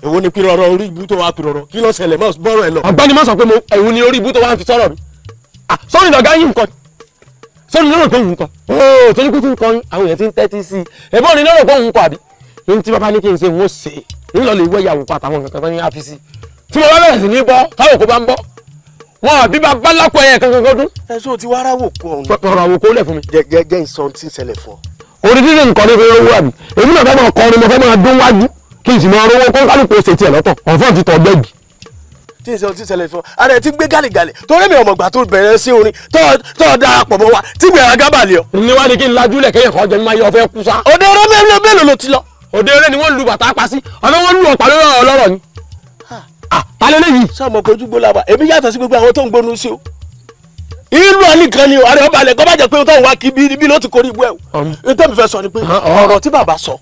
èwo ni pirọrọ orí ibú tó wá pirọrọ kí ló ṣẹlẹ̀ mọ bọrọ ẹ lọ. ọ̀gbẹ́ni má sọ pé mo èwo ni orí ibú tó wá fi sọ̀rọ̀ mi sọrin lọgá yín nǹkan sọrin lọrọ pé òun kọ ooo torí kúkú nǹkan yín àwọn èèyàn ti ń tẹ́tí sí i èbó ni lọrọ pé òun kọ àbí ohun tí bàbá ní kí n ṣe ń ó ṣe é ńlọ lè wọ ìyàwó pa wọn àbí bàbá lápò ẹ̀yẹ kankan kan ẹ sọ ti wá aráwò kọ ọ̀hún. ọ̀rọ̀ àwòkọ́ lẹ̀ fún mi. jẹ́ jẹ́ jẹ́ ìsọ̀ntì ṣẹlẹ̀ fún ọ. orí dídì nǹkan ní fi owó àbí èmi náà fẹ́ máa kọrin mo fẹ́ máa dún wájú kí n sì máa rówó kó kálukú ó ṣe tiẹ̀ lọ́tọ̀ ọ̀fọ́n ti tọ́ gbẹ́gbì. tí n sọ ti ṣẹlẹ̀ fún ọ ara ẹ ti gbé gàlìgàlì torí mi ọmọ ìgbà tó bẹ̀rẹ̀ sí orin tó darapọ̀ mọ́ wa tí gbẹ̀rẹ̀ agábàlì ọ. níwájú kí n lajú lẹ̀ kẹ́yìn kọ́jọ́ máa yọ fẹ́ kú sá. òde eré mélòó mélòó ló ti lọ. òde eré ni wọ́n lu bàtà pa sí ọ̀nà wọn lu ọ̀pá lọ́rọ̀ ni. àtàlẹ́ ah, lẹ́yìn. sọ́mọ kojú gbólá wa èmi yàtọ̀ sí gbogbo àwọn tó ń gbónú sí o ìlú ẹnìkan ni ọ̀rẹ́ ọba alẹ kọ bá jẹ pé tóun wá kí bí ibi ló ti korí ibú ẹ o um. ntẹ́mi fẹ́ sọ ni pé uh-huh. ọ̀rọ̀ tí bàbá sọ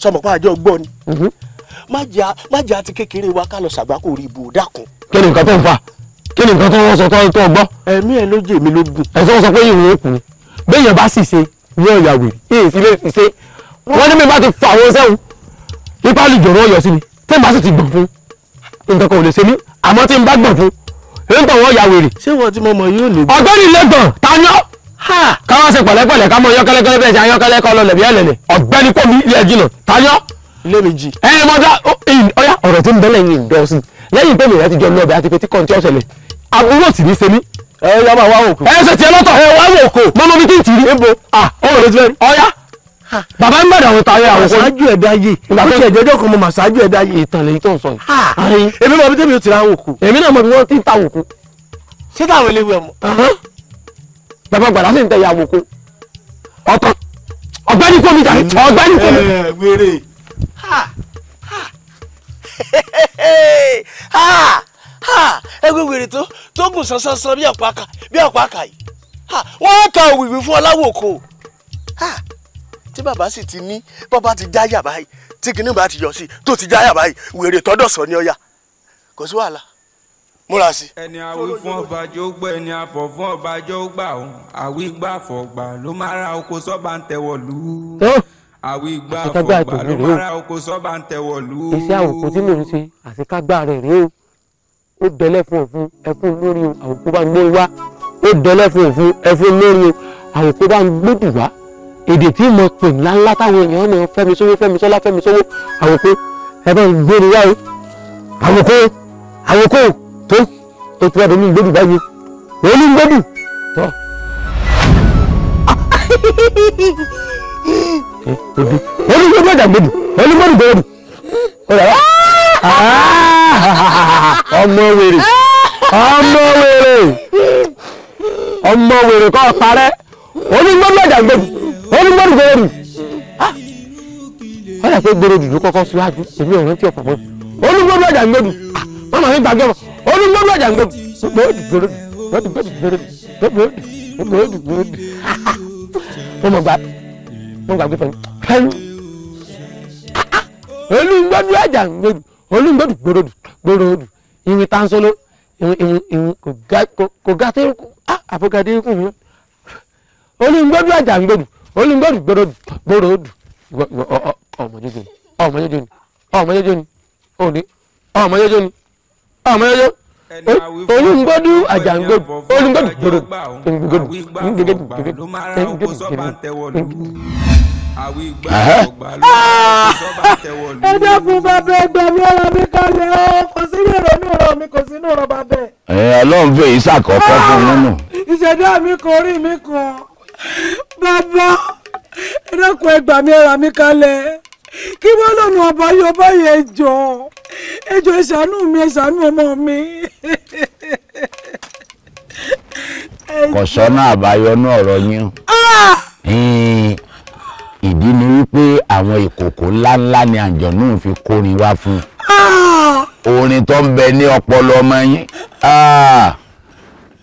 sọmọ pé àjọ gbọ́ ni mm-hmm má jẹ́ àti kékeré wa ká lọ ṣàgbákò rí ibò dákun. kí ni nǹkan tó ń fa kí ni nǹkan tó wọ́n sọ tó tó gbọ́. ẹ̀mí ẹ̀ ló jẹ́ èmi ló gùn. ẹ̀ sọ́wọ́n sọ pé ìwọ̀n òkú béèyàn bá sì ṣe wọ́n yà wèrè èyí sì lè fi ṣe wọ́n ní mi bá ti fa àwọn sẹ́wọ̀n ipa lè jọ̀rọ̀ ọ̀yọ́ sí mi tí n bá sì ti gbọ̀n fún nǹkan kan ò lè ṣe mí àmọ́ tí n bá gbọ̀n fún èyí tó wọ́n yà wèrè. ṣé wọ́n ti mọ ọmọ yóò lè gbọ́. ọ̀gbẹ́ni lẹ́gbọ̀n ta yọ. káwọn ṣe pẹ̀lẹ́pẹ̀lẹ́ ká mọ yọkẹ́lẹ́kẹ́lẹ́ lẹ́ẹ̀mejì. ẹ ẹ mọdà ọyà ọ̀rọ̀ tí ń bẹ́lẹ̀ yìí dọ́sí lẹ́yìn pé mèrè ti jọ lọ́ọ̀bẹ àti pé tí kọ́ńtì ọ̀sẹ̀lẹ̀ àbúrò sì ní sẹ́mi. ẹ yọ máa wá òkò. ẹ ṣe tiẹ̀ lọ́tọ̀. ẹ wá òkò. mọ́mọ́ mi ti ń tìrí. ebo ah ọ̀rọ̀ ló ti fẹ́. ọ̀yà bàbá ń bàdà àwọn tààrẹ àwọn kan. màsájú ẹ̀dá yìí ó ti ẹ̀jẹ̀jọ́ kan mọ màsájú ẹ̀dá yìí. ìtàn lèyí tó ń sọ yìí. èmi mọ̀ bí tèmi ò ti ra òkú. èmi náà mọ̀ bí wọ́n ti ń ta òkú. ṣé táwọn eléwu ẹ̀ mọ̀. bàbá gbàdá sì ń tẹ̀yà òkú. ọ̀tọ̀ ọ̀gbẹ́ni kò mi jà ní ọ̀gbẹ́ni kò mi ha ha ha ha ẹgbẹ́ wèrè tó tó gùn sánsánsán bí ọ̀pá àkà bí ọ̀pá àkà yìí ha wọ́n ta òwìwí fún ọláwòkó ha tí bàbá sì ti ní bàbá ti já yàrá yìí tí kìnìún bá ti yọ sí tó ti já yàrá yìí wèrè tọ́dọ̀ sọ ní ọ̀yà kò sí wàhálà múra sí. ẹni àwí fún ọbàjọ́ gbọ́ ẹni àfọ̀ fún ọbàjọ́ gbà ọ́ àwí gbà fọ̀ gbà ló máa ra oko sọ́ba ń tẹ̀wọ̀ lù ú àwígbà fọgbà ló mara oko sọ́ba ń tẹ̀wọ̀ lù ú. iṣẹ́ àwòkù tí mò ń ṣe àti kágbá rẹ̀ rèé o ó dẹlẹ́ fún òfun ẹfún lórí o àwòkù bá ń gbé wá ó dẹlẹ́ fún òfun ẹfún lórí o àwòkù bá ń gbódù wá èdè tí mo pè ńláńlá táwọn èèyàn náà fẹ́mi sówó fẹ́mi sọ́lá fẹ́mi sówó àwòkù ẹ bá ń gbé ni wá o àwòkù àwòkù tó ètò ẹ̀dọ̀ mi gbódù báyìí èyí ń gbódù tó. odi odi gbogbo ìdàgbòdù odi gbogbo ìdàgbòdù ọ̀dà ọmọ wèrè ọmọ wèrè ọmọ wèrè kọ́ parẹ́ odi gbogbo ìdàgbòdù odi gbogbo ìdàgbòdù ọ̀dà pé gbòdòdù ló kọ́kọ́ síwájú èmi ò rántí ọ̀pọ̀ mọ́ odi gbogbo ìdàgbòdù mọ́mọ́ mi gbàgbé wọn odi gbogbo ìdàgbòdù gbòdòdù gbòdòdù gbòdòdù gbòdòdù gbòdòdù ah! ah! gbòdòdù gbòdòdù mo gbàgbé fún mi. olùgbòdù ẹ̀jà olùgbòdù gbòdòdù gbòdòdù ìwìn tansolo ìwìn ìwìn kò ga tẹ́lẹ̀ kò àbúgadé kù mí. olùgbòdù ẹ̀jà gbòdù olùgbòdù gbòdòdù gbòdòdù ọmọdéjọ ni ọmọdéjọ ni ọmọdéjọ ni òní ọmọdéjọ ni ọmọdéjọ olùgbòdù àjàngbòdù olùgbòdù gbòdòdù gbòdòdù gbòdòdù gbòdòdù gbòdòdù. Ah! ẹ dákun bàbá ẹgbẹ́ mi ọ̀rọ̀ mi kalẹ̀ ọ́ kò sí ìrònú ọ̀rọ̀ mi kò sí inú ọ̀rọ̀ bàbá ẹ̀. ẹ ọlọ́run fèyí ṣàkọ́kọ́ fún un nínú. Ah! ìṣẹ̀dá mi kò rí mi kan bàbá ẹ dákun ẹgbà mi ọ̀rọ̀ mi kalẹ̀ kí wọ́n lọ́nà àbáyọ báyìí ẹjọ́ ẹjọ́ ẹ ṣàánú mi ẹ ṣàánú ọmọ mi. kọ̀sọ́nà àbáyọ náà ọ̀rọ̀ yín. Ah! ìdí ni wípé àwọn ìkòkò ńláńlá ni àǹjọ̀nú fi kórin wá fún orin tó ń bẹ ní ọpọlọ ọmọ yín ah!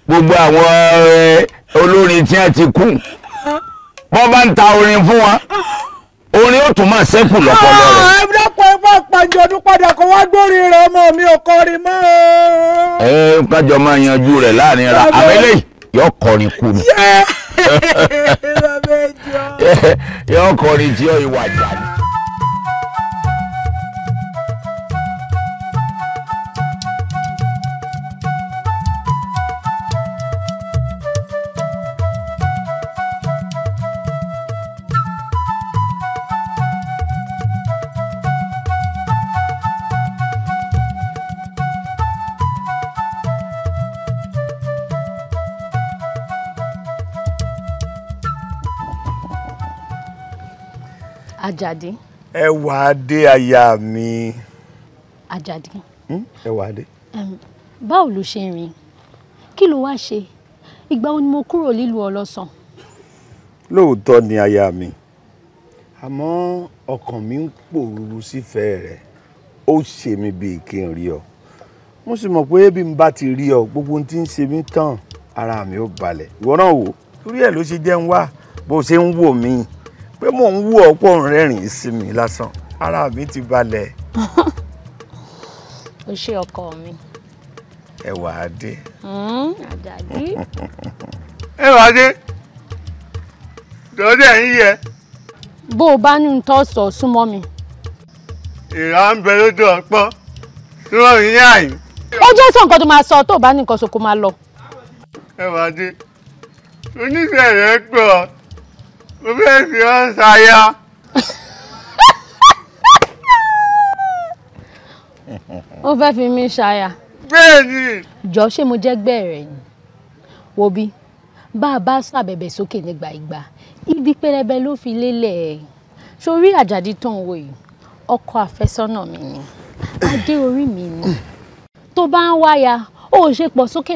gbogbo àwọn eh, olórin tí wọ́n ti kú wọ́n bá ń ta orin fún wọn orin ó tún máa ṣẹ́kù lọ́pọlọ rẹ̀. Ah! ẹ dákun padà kó wá gbórí rẹ ọmọ mi ò kọrin mọ́. ẹ kájọ máa yanjú rẹ̀ láàrin ara àmì yóò kọrin kú mi yóò kọrin tí yóò ìwà jà ni. Àjàdí. ẹwà adé aya mi. Àjàdí. Hmm? ẹwà adé. báwo ló ṣe rìn kí ló wá ṣe ìgbà wo ni mo kúrò nílùú ọlọ́sàn. lóòótọ́ ni aya mi àmọ́ ọkàn mi ń pòrúurú sífẹ̀ẹ́ rẹ̀ ó ṣe mí bíi kí n rí ọ mo sì mọ̀ pé bí n bá ti rí ọ gbogbo ohun tí ń ṣe mí tán ara mi ò balẹ̀ ìwọ náà wò torí ẹ̀ ló ṣe jẹ́ ń wá bó ṣe ń wò mí pé mò ń wú ọ̀pọ̀ rẹ́rìn sí mi lásán ara mi ti balẹ̀. o ṣe ọkọ mi. ẹwà adé. Hmm, àjàdí. ẹwà adé dọ́dẹ̀ ń yẹ. bó o bá ní nǹkan sọ súnmọ́ mi. ìrà ń bẹ lójú ọpọ́n tí wọ́n rí ní àyè. ó jẹ́ sọ nǹkan tó máa sọ tó o bá ní nǹkan sọ kó máa lọ. ẹwà adé onífẹ̀ẹ́ rẹ̀ gbọ́ mo fi ọ́ ṣaya. ó fi mí ṣaya. bẹ́ẹ̀ni. jọ ṣé mo jẹ́ gbẹ̀rẹ̀ ni wo bí bá a bá ṣàbẹ̀bẹ̀ sókè nígbà ìgbà ibi pẹlẹbẹ ló fi lélẹ̀ sórí àjàdí tó ń wò mi ni adé orí mi ni tó bá ń wáya ó ṣe pọ̀ sókè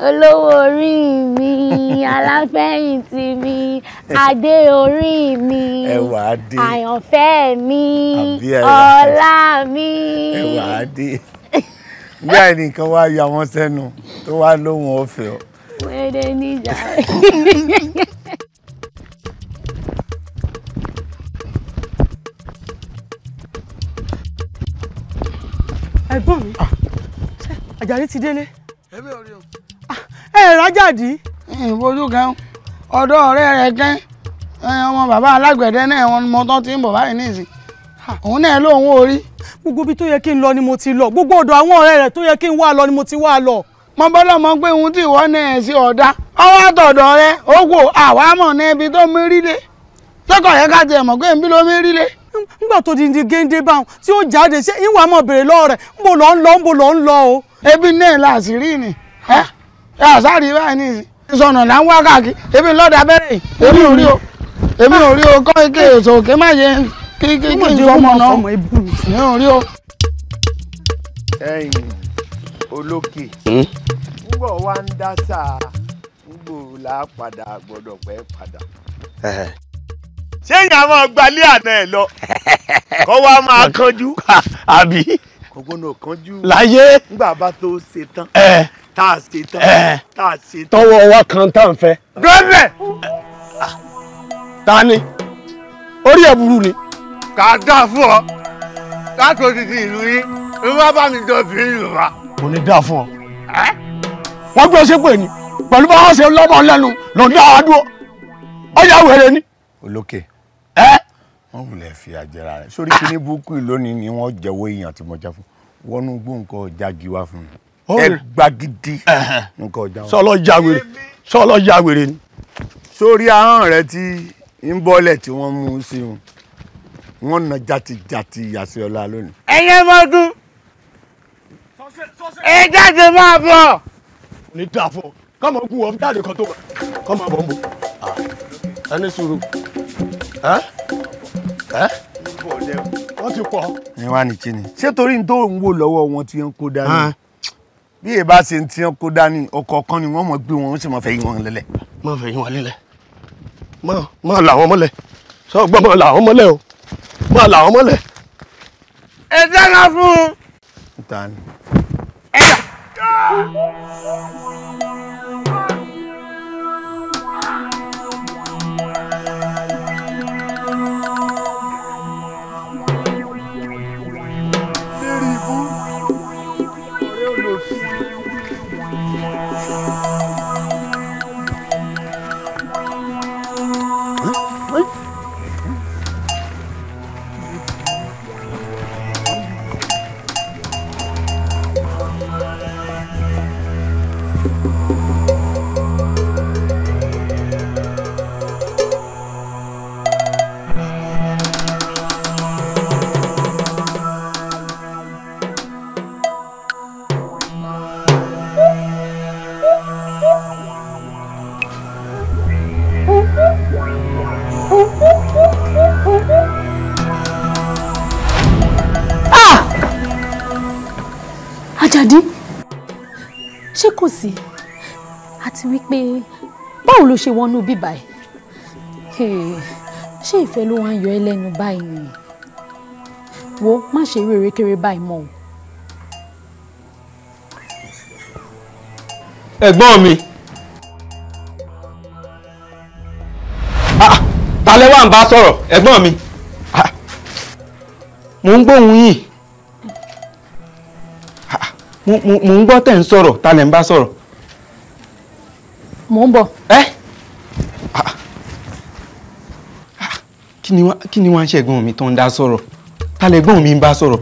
olówó orí mi aláfẹ̀yìntì mi adé orí mi àyànfẹ́ mi ọlá mi. ẹwà adé bí àìníkan wá yọ àwọn sẹ́nu tó wá lóhùn ọ̀fẹ́ ọ. wẹ́rẹ́ níjà. ẹ̀gbọ́n mi Àjàní ti délé. ẹ bẹ́ẹ̀ rí o. Ah, ẹ rájàdí. ìbojú kan ọdọ ọ̀rẹ́ rẹ̀ kẹ́ ọmọ bàbá alágbẹ̀dẹ náà wọn mọ tán ti ń bọ̀ báyìí nísìn òun náà lóun ò rí. gbogbo ibi tó yẹ kí n lọ ni mo ti lọ gbogbo ọ̀dọ̀ àwọn ọ̀rẹ́ rẹ̀ tó yẹ kí lọ ni mo ti wá lọ. mo bọ́dọ̀ mọ pé náà ọwọ́ àtọ̀dọ̀ rẹ àwa mọ̀ ní ibi tó yẹ ká tiẹ̀ mọ̀ pé nbí ló ẹ ah, sáré báyìí ní ìsọnà na ń wá káàkiri èmi lọ́dà abẹ́rẹ́ èmi ò rí o èmi ò rí o kọ́ ike èso òkè má yẹ kí kí kí náà èmi ò rí o. ẹ̀yin olókè ngbọ hmm? wa ń dá sáà ngbò la padà gbọ́dọ̀ pẹ padà. ṣé ìyá máa àná ẹ̀ lọ kọ́ wá máa kánjú. àbí kò gbọ́dọ̀ kánjú. láyé. ngbà bá tán. tá a tán tá a ṣe eh, tán. tọwọ́ wa kan tá à ń fẹ́. brother. ta ni orí ẹ̀ burú ni. kà á dà fún ọ láti odidi ìlú yín ló bá bá mi jọ bìrì ìlú wa. kò ní dà fún ọ. wọ́n gbé ọṣẹ́ pè ní pẹ̀lú bá wọ́n ṣe lọ́mọ lẹ́nu lọ́dún àwọn dúró ọjà wẹ̀rẹ̀ ni. olókè. ẹ wọn wulẹ̀ fi àjẹrà rẹ̀ sórí kí ní búkú lónìí ni wọ́n jẹ́wọ́ èèyàn tí mo jẹ́ fún wọnú gbóǹkọ jági wá fún mi ẹgbà gidi nǹkan ọjà wọn. sọlọ jáwèrè sọlọ jáwèrè ni. sórí ahọ́n rẹ tí ń bọ́lẹ̀ tí wọ́n mú un sí wọn wọn nà jàtìjàtì yàsí ọlá lónìí. ẹyẹ mọdún ẹ jáde máa bọ̀. ní dàfọ kọmọ kú ọ jáde kan tó wà kọmọ bọ ń bọ̀. Ah. ẹni sùúrù ẹ ẹ wọ́n ti pọ̀. ẹ wá ní kíni ṣé torí ní tó ń wò lọ́wọ́ wọn ti ń kó dání bí èyí bá ń tiẹ́ kó dání ọkọ̀ kan ni wọ́n mọ̀ gbé wọn ó sì mọ̀ fẹ́ yín wọn lélẹ̀. má fẹ́ yín wọn lélẹ̀ má má là wọn mọ́lẹ̀ sọ gbọ́ má là wọn mọ́lẹ̀ o má là wọn mọ́lẹ̀. ẹ dáná fún un. ẹ dáná. Àjàdí ṣé kò sí àti wípé báwo ló ṣe wọnú bíbá ẹ ṣé ìfẹ́ ló wá ń yọ ẹ́ lẹ́nu báyìí ni wo má ṣe eré erékeré báyìí mọ́ o. ẹ̀gbọ́n mi ah, ta lẹ wá ń bá sọ̀rọ̀ ẹ̀gbọ́n mi ah, mò ń gbóhùn yìí mo ń gbọ́ tẹ̀ ń sọ̀rọ̀ ta lẹ̀ ń bá sọ̀rọ̀. mò ń bọ̀. ẹ́ ah, ah. Ah, kí ni wọ́n ń ṣẹ̀gbọ́n mi tó ń dá sọ̀rọ̀ ta lẹ̀gbọ́n mi ń bá sọ̀rọ̀.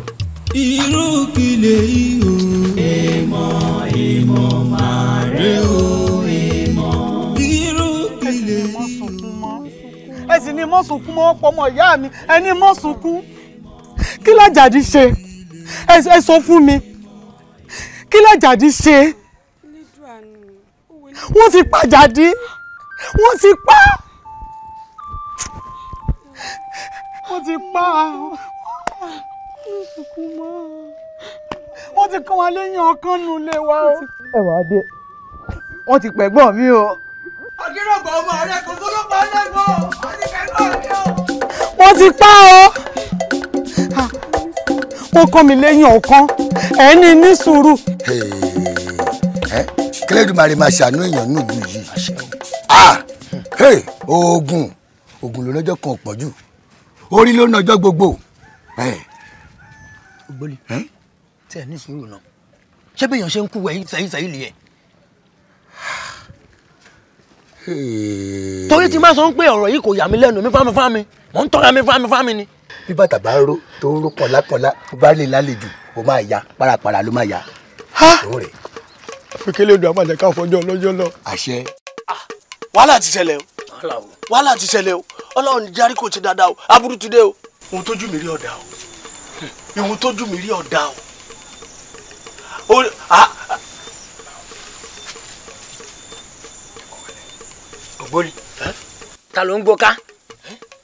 irú kìlẹ̀ yìí o. èèmọ̀ èèmọ̀ máa rẹ o èèmọ̀. irú kìlẹ̀ yìí o. ẹ sì ni mọ́ sunkún mọ́ pọ́mọ ìyá mi ẹ ní mọ́ kí lájàdí ṣe ẹ sọ fún mi kí làjàdí ṣe wọ́n ti pa Àjàdí wọ́n ti pa wọ́n ti pa wọ́n ti kàn wá lẹ́yìn ọkàn nù lé wa o. ẹ wàá dé wọ́n ti pẹ̀gbọ́n mi o. akérògbà ọmọ rẹ kò tó ló pa lẹ́gbọ̀n wọ́n ti pẹ̀gbọ́n mi o. wọ́n ti pa o. wọ́n kàn mí lẹ́yìn ọkàn ẹni ní sùúrù. kílẹ̀dùmarè máa ṣàánú èèyàn nù lù yìí oògùn oògùn ló lọ́jọ́ kan pọ̀ jù orí ló nọjọ́ gbogbo. ògbólì tí ẹ ní sùúrù náà ṣé bí èèyàn ṣe ń kú wẹ̀ sẹ́yìn sẹ́yìn lè yẹ. torí tí má sọ ń pé ọ̀rọ̀ yìí kò yà mí lẹ́nu mi fámi fámi mò ń tọ́ra mi fámi fámi ni. bí bàtà bá ń ro tó ń ro kànlákànlá bá lè lálejò ó máa ya párapàra ló máa ya. àfikẹ́lẹ́ odò àmàjẹ́ká fọjọ́ lọ́jọ́ náà. àṣẹ. wàhálà ti ṣẹlẹ̀ o wàhálà ti ṣẹlẹ̀ o ọlọ́run ní járí kò ti dáadáa o aburú ti dé o. ohun tójú mi rí ọ̀dà o ohun tójú mi rí ọ̀dà o. ògbóni ta ló ń gbó ká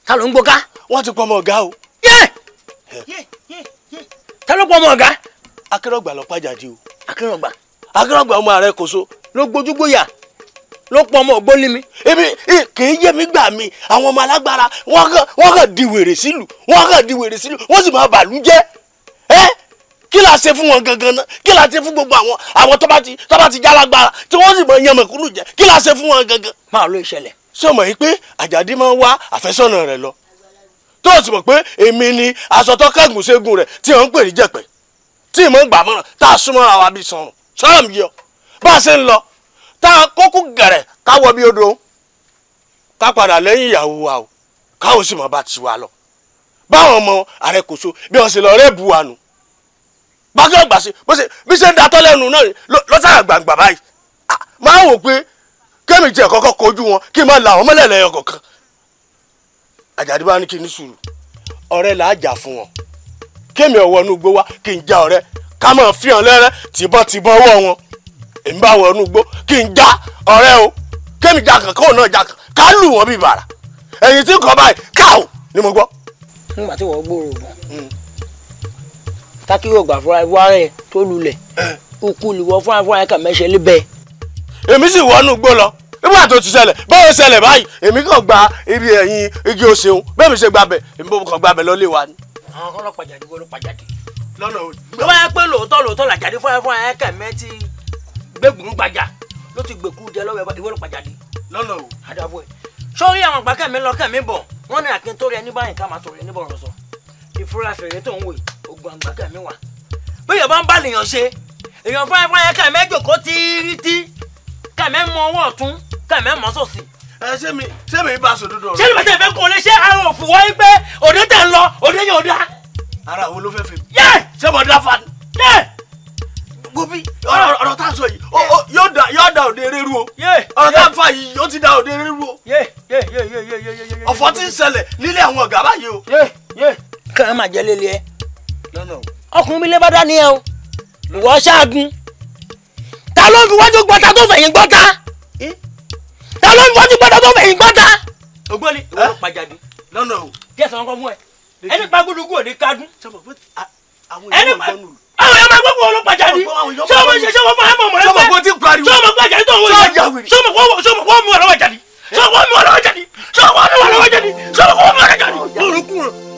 ta ló ń gbó ká. wọ́n ti pọ̀ mọ́ ọ̀gá o lọ́pọ̀ ọmọ ọ̀gá. akérọ̀gbà lọ pàjáde o. akérọ̀gbà. akérọ̀gbà ọmọ ààrẹ Kòso ló gbójúgbóyà ló pọ ọmọ ògbóni mi èmi kì í yé mi gbà mí àwọn ọmọ alágbára wọn kàn wọn kàn di wèrè sílùú wọn kàn di wèrè sílùú wọn sì máa bàlú jẹ́ ẹ kí la ṣe fún wọn gangan náà kí la ṣe fún gbogbo àwọn àwọn tó bá ti tó bá ti jálágbára tí wọn sì máa yan mẹ̀kúnnù jẹ kí la ṣe fún wọn gangan. máa ló ìṣẹ̀lẹ̀. sọmọ yìí pé àjàdí máa ń wá àfẹ́sọ́nà rẹ̀ lọ tó o sì mọ̀ pé èmi ni aṣọ tó kẹ́gùn ségun rẹ̀ tí wọ́n ń pè ní jẹ̀pẹ̀ tí ìmọ̀ ń gbà mọ́ràn tá a súnmọ́ ara wa bíi sọ̀rùn sọ́ọ̀mù yọ bá a ṣe ń lọ tá a kókó gẹ̀rẹ̀ káwọ bí odò ká padà lẹ́yìn ìyàwó wa o káwọ sì mọ̀ bá ti wa lọ báwọn ọmọ ààrẹ kò so bí wọ́n ṣe lọ rẹ́ bu wa nù bákẹ́ ọ̀gbà sí bó ṣe bí ṣe ń datọ́ lẹ́nu náà lọ́sàrà gbàǹgbà báyìí máa wò pé kémi jẹ́ kọ́kọ́ kojú wọn kí n má la àwọn mọ́lẹ̀ lẹ́yọ̀ kọ̀ọ̀kan àjàdí bá ní kí n ní sùúrù ọ̀rẹ́ là á jà fún wọn kémi ọ̀wọ́ inú igbó wá kí n já ọ̀rẹ́ ká máa fi hàn lẹ́rẹ́ tìbọ̀tìbọ̀ ọwọ́ wọn èmi bá wọ inú igbó kí n já ọ̀rẹ́ o kémi já kan kóun náà já kan ká lù wọ́n bí bàrà ẹ̀yìn tí kò báyìí káò ni mo gbọ́. nígbà tí wọ́n gbòòrò gbà tákìrò gbà fúnra ẹ wá rẹ̀ tó lulẹ̀ ukú lùwọ́ fúnra fúnra ẹ kà mẹ́sẹ̀ lébẹ̀. èmi sì wọnú igbó lọ nígbà tó ti ṣẹlẹ̀ báwo ṣẹlẹ̀ báyìí èmi kàn gba ibi ẹ̀yìn igi òṣèlú bẹ́ẹ̀ mi ṣe gbabẹ̀ èmi bò kàn gbabẹ̀ lọ́lé wa ni. àwọn kan lọ pàjáde wọ́n lọ pàjáde. lọ́nà òjì. ló bá yẹ pé lóòótọ́ lóòótọ́ làjáde fún ẹ fún ẹ kẹ̀mẹ́ ti gbẹ̀gùn gbajà ló ti gbẹ̀kú jẹ lọ́wọ́ ìwọ́n lọ pàjáde. lọ́nà o. àdàbọ̀ ẹ̀ sórí àwọn àgbà kẹ̀mí lọ kẹ̀mí bọ̀ wọ́n ní àkín tó rẹ ní báyìí ká máa tó rẹ ní bọ̀rọ̀ sọ ìfura fèrè tó ń wè ogun àgbà kẹ̀mí wà. bí èèyàn bá ń bá lèèyàn ṣe èèyàn fún ẹ fún ẹ kẹ̀mẹ́ jòkó tíírítí kẹ̀mẹ́ mọ ọwọ́ ọ̀tún kẹmẹ mọ sọsì. ẹ ṣé mi ṣé mi bá aṣọ dodo ọ̀rọ̀. ṣé ni bàtà ìfẹ́ kún olè ṣé àwọn òfin wọ́n pé òde tẹ̀ ń lọ òde yóò dá. ara wo ló fẹ́ fi. yẹ ṣé mo dá fa. yẹ gobi ọ̀rọ̀ tá a sọ yìí yóò da òde eré ru o ọ̀rọ̀ tá a fa yìí yóò ti da òde eré ru o. ọ̀fọ̀ tí ń ṣẹlẹ̀ nílé àwọn ọ̀gá báyìí o. kàn máa jẹ lélẹ̀ ẹ ọkùnrin mi lé bá dá ní ẹ o ìwọ ṣáàgùn ta ló fi wájú gbọ́ta tó fẹ̀yìn gbọ́ta ta ló ń fojú gbọ́dọ̀ tó fẹ̀yìn gbọ́ta. ògbóni ìwọ ló pàjáde. lọ́nà o. díẹ̀ sọ̀rọ̀ kọ́ mú ẹ. ẹni pagudugbo ní kadun. ẹni pa àwọn yẹn máa gbọ́ kó ló pàjáde. ṣé o ma ṣe ṣé o fọ àmọ̀ mọ̀lẹ́ pẹ́. ṣé o ma pàjáde tó wọlé. ṣé o ma kó mú ọ̀rọ̀ wájà ni. ṣé o kó mú ọ̀rọ̀ wájà ni. kó mú ọ̀rọ̀ wájà ni. kó mú ọ̀rọ̀ wájà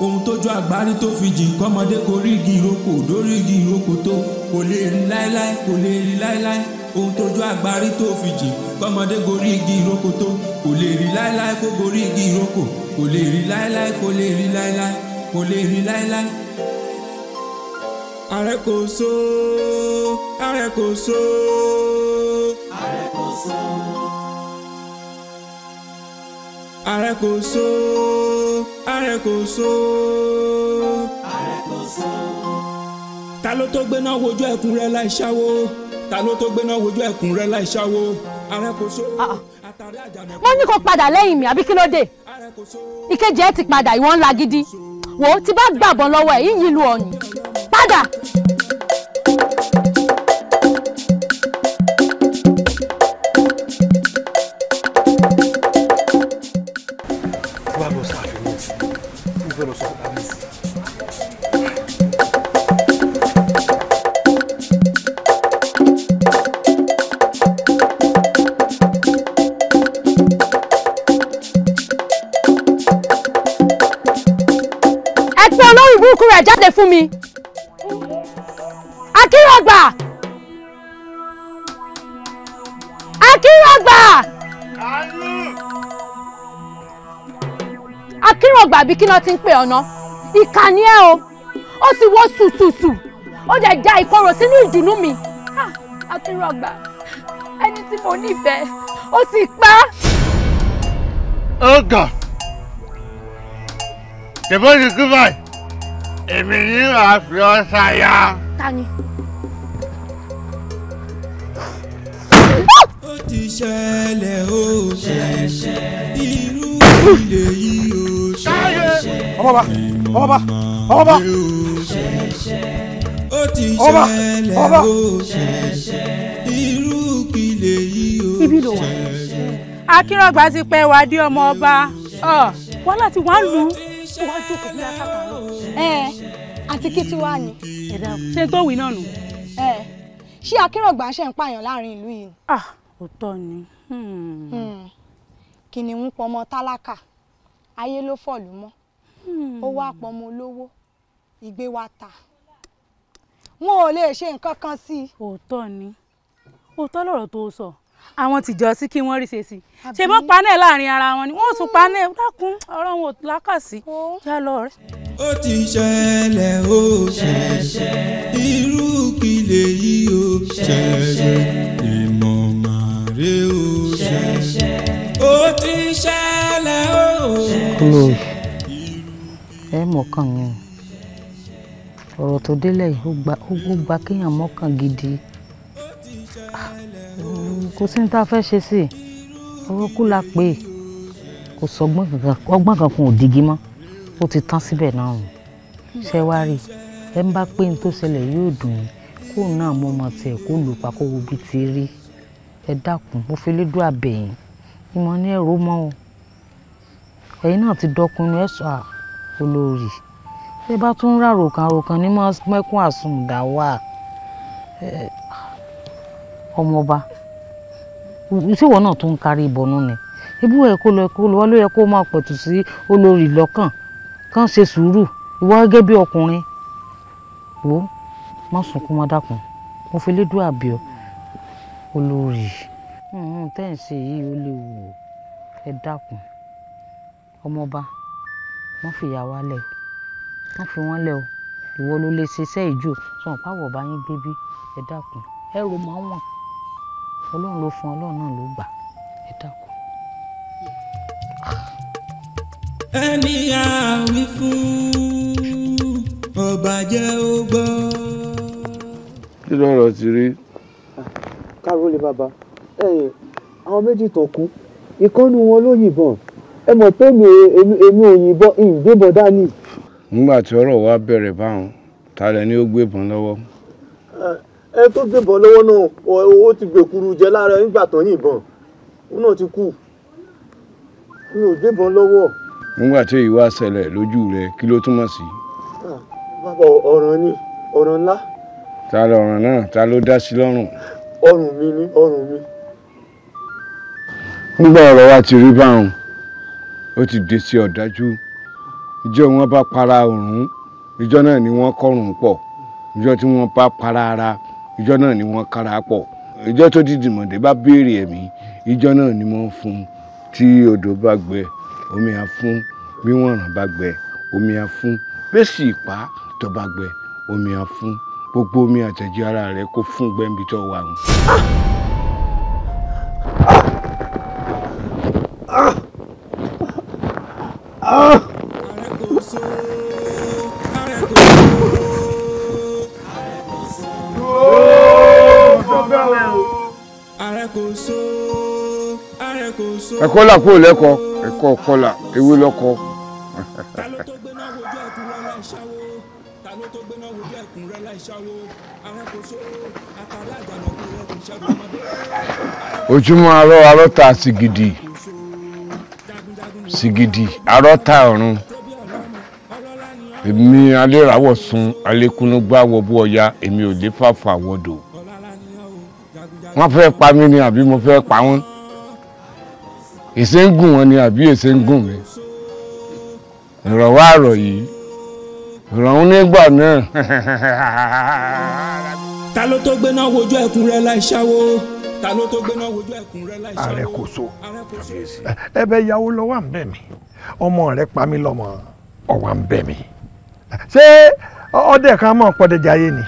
ohun tójú àgbárí tó fi jìn kọ́mọdé kò rí igi ìrókò dórí igi ìrókò tó kò lè rí láéláé kò lè rí láéláé ohun tójú àgbárí tó fi jìn kọ́mọdé gorí igi ìrókò tó kò lè rí láéláé kó gorí igi ìrókò kò lè rí láéláé kò lè rí láéláé kò lè rí láéláé. ààrẹ kò so ààrẹ kò so. ààrẹ kò so. Arékòso Arékòso Arékòso. Ta ló tó gbéná wojú ẹkùn rẹ láì ṣáwó ta ló tó gbéná wojú ẹkùn rẹ láì ṣáwó Arékòso. Ah, ah. wọ́n ní kó padà lẹ́yìn mi àbí kí ló dé ìkejì ẹ ti padà ìwọ ńlá gidi wò ti bá gbàbọ̀ lọ́wọ́ ẹ̀ yíyí lu ọ̀nì padà. rẹ̀ jáde fún mi akírọ̀gbà akírọ̀gbà akírọ̀gbà bí kí ló ti ń pè ọ̀nà ìkànnì ẹ̀ o ó sì wọ́ sùsùsù ó dẹ̀ já ìkorò sínú ìdùnnú mi akírọ̀gbà ẹni tí mo nífẹ̀ẹ́ ó ti pa. The boy is good báyìí èmi ni wàá fi ọ́ ṣaya. ta ni. ó ti ṣẹlẹ̀ ó ṣẹ̀ṣẹ̀ irú ilé yìí ó ṣẹ̀ṣẹ̀ ọmọba ọmọba ọmọba ó ti ṣẹlẹ̀ ó ṣẹ̀ṣẹ̀ irú ilé yìí ó ṣẹ̀ṣẹ̀. akínrọ̀gbà ti pẹ́ wá dé ọmọ ọba wọ́n láti wá lù ú tó wá jókòó bí akápàrọ̀. ẹ àti kí tí wàá ni. ẹ dáa tó wí náà nù. ẹ ṣé akérògbà ṣe ń pààyàn láàrin ìlú yìí. ah òótọ́ ni. Hmm. Hmm. kìnìún pọmọ tálákà ayé ló fọ̀lú mọ́ hmm. ó wá pọmọ olówó ìgbé wa ta wọn ò lè ṣe nǹkan kan sí i. òótọ́ ni òótọ́ lọ̀rọ̀ tó sọ. So àwọn tìjọ sí kí wọ́n rí ṣe sí ṣe bó panẹ́ láàrin ara wọn ni wọ́n tún panẹ́ dákun ọ̀rọ̀ wọn ò lákàsí já lọ rẹ. ó ti ṣẹlẹ̀ ó ṣẹ̀ṣẹ̀ irú kílẹ̀ yìí ó ṣẹ̀ṣẹ̀ ìmọ̀ màrè ó ṣẹ̀ṣẹ̀ ó ti ṣẹlẹ̀ ó ṣẹ̀ṣẹ̀. ẹ mọ̀kàn mi ọ̀rọ̀ tó délẹ̀ ó gba kéèyàn mọ́kàn gidi kò sí ní tá a fẹ́ ṣe sí i ọ̀rọ̀ kú la pè é kò sọgbọ́n kankan ọgbọ́n kankan ò digi mọ́ ó ti tán síbẹ̀ náà o ṣe wá rí ẹ ń bá pé ní tó ṣẹlẹ̀ yóò dùn yín kó náà mọ ọmọ tiẹ̀ kó lù pa kó wo bí ti rí ẹ dákun mo fi lédùn àbẹ̀yìn ìmọ̀ ní ẹ̀rọ mọ́ o ẹ̀yin náà ti dọkùnrin ẹ̀ sọ olórí ẹ bá tún ń rárò kan àròkàn ní mẹ́kún àsùnwòn dá wà ọmọọba ìṣòwò náà tó ń kárí ìbọnú ni ibú ẹ kó lọ kó lọ wá ló yẹ kó máa pẹ̀tù sí olórí lọ́kàn kàn ṣe sùúrù ìwọ gẹ́gẹ́ bí ọkùnrin wo má sunkún má dákun mo fi lédú àbíọ olórí tẹ́ ń ṣe yìí ó léwu o ẹ dákun ọmọọba wọ́n fìyà wá lẹ̀ wọ́n fi wọ́n lẹ̀ o ìwọ ló lè ṣiṣẹ́ ìjò sọ̀rọ̀ pàwọ̀ bá gbé bí ẹ dákun ẹ rò mọ́ wọn ọlọ́run ló fún ọlọ́run náà ló gbà ẹ dákun. ẹni àwí fún ọ̀bàjẹ́ ó gbọ́. kí lọ́rọ̀ ti rí. káàró lè bàbá àwọn méjì tó kú ìkọ́nù wọn ló yìnbọn ẹ mọ̀ pé mi èmi ò yìnbọn ìgbébọn dání. nígbà tí ọ̀rọ̀ wa bẹ̀rẹ̀ báwọn ta lẹni ó gbébọn lọ́wọ́ ẹ tó gbébọn lọ́wọ́ náà ó ti gbèkuru jẹ lára nígbà tó yìnbọn òun náà ti kú mi ò gbébọn lọ́wọ́. nígbà tí èyí wá ṣẹlẹ̀ lójú rẹ kí ló túmọ̀ sí. bàbá ọ̀ràn ni ọ̀ràn ńlá. ta lọ̀ràn náà ta ló dá sí lọ́rùn. ọrùn mi ni ọrùn mi. nígbà ọ̀rọ̀ wa ti rí báwọn ó ti dé sí ọ̀dájú ìjọ wọn bá para òrùn ìjọ náà ni wọ́n kọrùn pọ̀ ìjọ tí wọ́n bá para ara ìjọ náà ni wọ́n kára pọ̀ ìjọ tó dìdì mọ̀dé bá béèrè ẹ̀mí ìjọ náà ni wọ́n fún tí odò bá gbẹ omi á fún bí wọ̀nràn bá gbẹ omi á fún bẹ́sì ìpá tó bá gbẹ omi á fún gbogbo omi àtẹ̀jẹ́ ara rẹ kó fún gbẹ́ńbí tó wà ń. kọ́là kó lẹ́kọ̀ọ́ ẹ̀kọ́ kọ́là ewé lọ́kọ́. ojúmọ́ arọ́ arọ́ ta sìgìdì sìgìdì arọ́ ta ọ̀run èmi alérawọ̀ sun alékúnúgbà wọ̀bú ọ̀ya èmi ò lè fàfà wọ̀dọ̀ wọ́n fẹ́ pa mí ni àbí mo fẹ́ pa wọ́n èsè ń gùn wọn ni àbí èsè ń gùn mi ìrọ̀wá àrọ̀ yìí ìrọ̀rùn nígbà náà. ta ló tó gbéná wojú ẹkùn rẹ láì ṣáwó ta ló tó gbéná wojú ẹkùn rẹ láì ṣáwó. ààrẹ kò so ẹ̀bẹ̀ ìyàwó lọ wà ń ọmọ rẹ pa mí lọ́mọ ọwà ń bẹ̀ ṣé ọdẹ kan mọ pọdẹjà yé ni.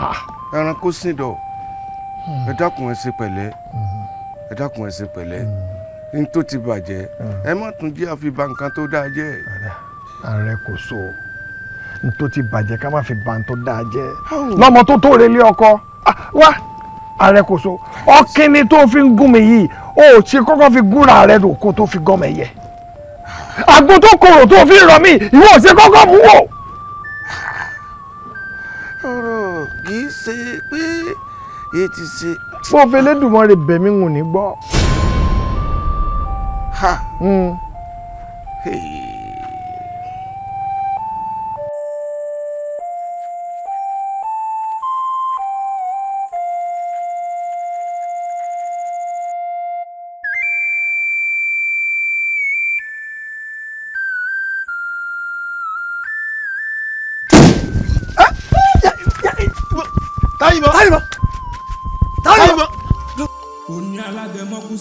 Ah, ẹranko sìn dọ̀ ẹ ẹ ṣe pẹ̀lẹ́ ẹ dákun ẹ ṣe pẹ̀lẹ́ n tó ti bàjẹ́ ẹ má tún jẹ́ àfibà nǹkan tó dáa jẹ́. ààrẹ kò so n tó ti bàjẹ́ ká má fi ba n tó dáa jẹ́ lọ́mọ tó tó relé ọkọ ah, wá ààrẹ kò so ọkìnrin tó fi ń gún mi yìí o ò ṣe kọ́kọ́ fi gúnra rẹ lò kó tó fi gọ́mọ ẹ̀yẹ àgbo tó korò tó fi rọ mí ìwọ ṣe kọ́kọ́ mú wò. ọ̀rọ̀ kì í ṣe pé èyí ti ṣe bó o fi Elédùmarè bẹ̀mí ń ní gbọ́. ha mm. hey. Táyìnbó. Táyìnbó.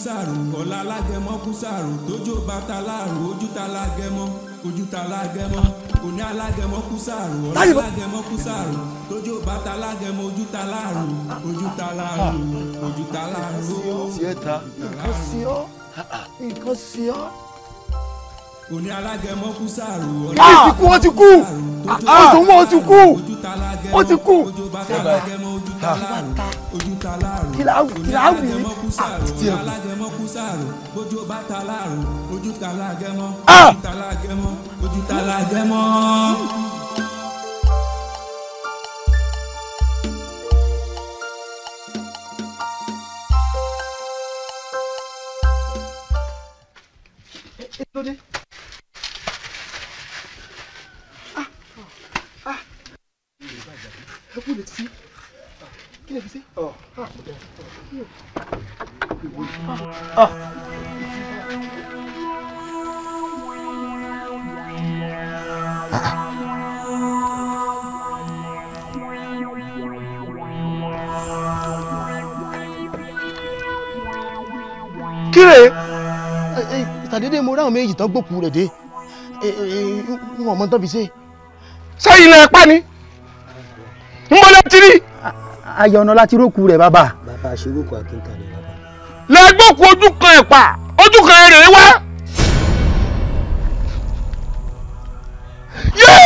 sàrò ọ̀la alágẹmọ kú sàrò bàtà láàrò ojú lágẹmọ ojú lágẹmọ òní alágẹmọ kú sàrò ọ̀la alágẹmọ kú bàtà lágẹmọ ojú ta láàrò ojú ta láàrò nǹkan sí ọ nǹkan sí ọ òní alágẹmọ kú sáàrù ọdún yìí ti kú ó ti kú oṣù mọ́ ó ti kú ó ti kú. kìláwù kìláwù àti alágẹmọ kú sáàrù ojú bá ta láàrù ojú ta lágẹmọ ojú ah! ta lágẹmọ ojú ta lágẹmọ. lóde lè fi sí kí lè fi sí. kíre ìtàdédé mo ráhùn méjì tán gbòkú rẹ̀ dé wọn eh, eh, eh, ò mọ tán fi ṣe. sẹ́yìn lẹ́ẹ̀pá ni mo lè ti rí. ayọ̀ ọ̀nà láti rókù rẹ̀ bàbá. bàbá àṣerókù akínkanlẹ̀ bàbá. lẹ́gbọ́kù ojú kan ẹ̀pà ojú kan ẹ̀rẹ̀ wá. yéé.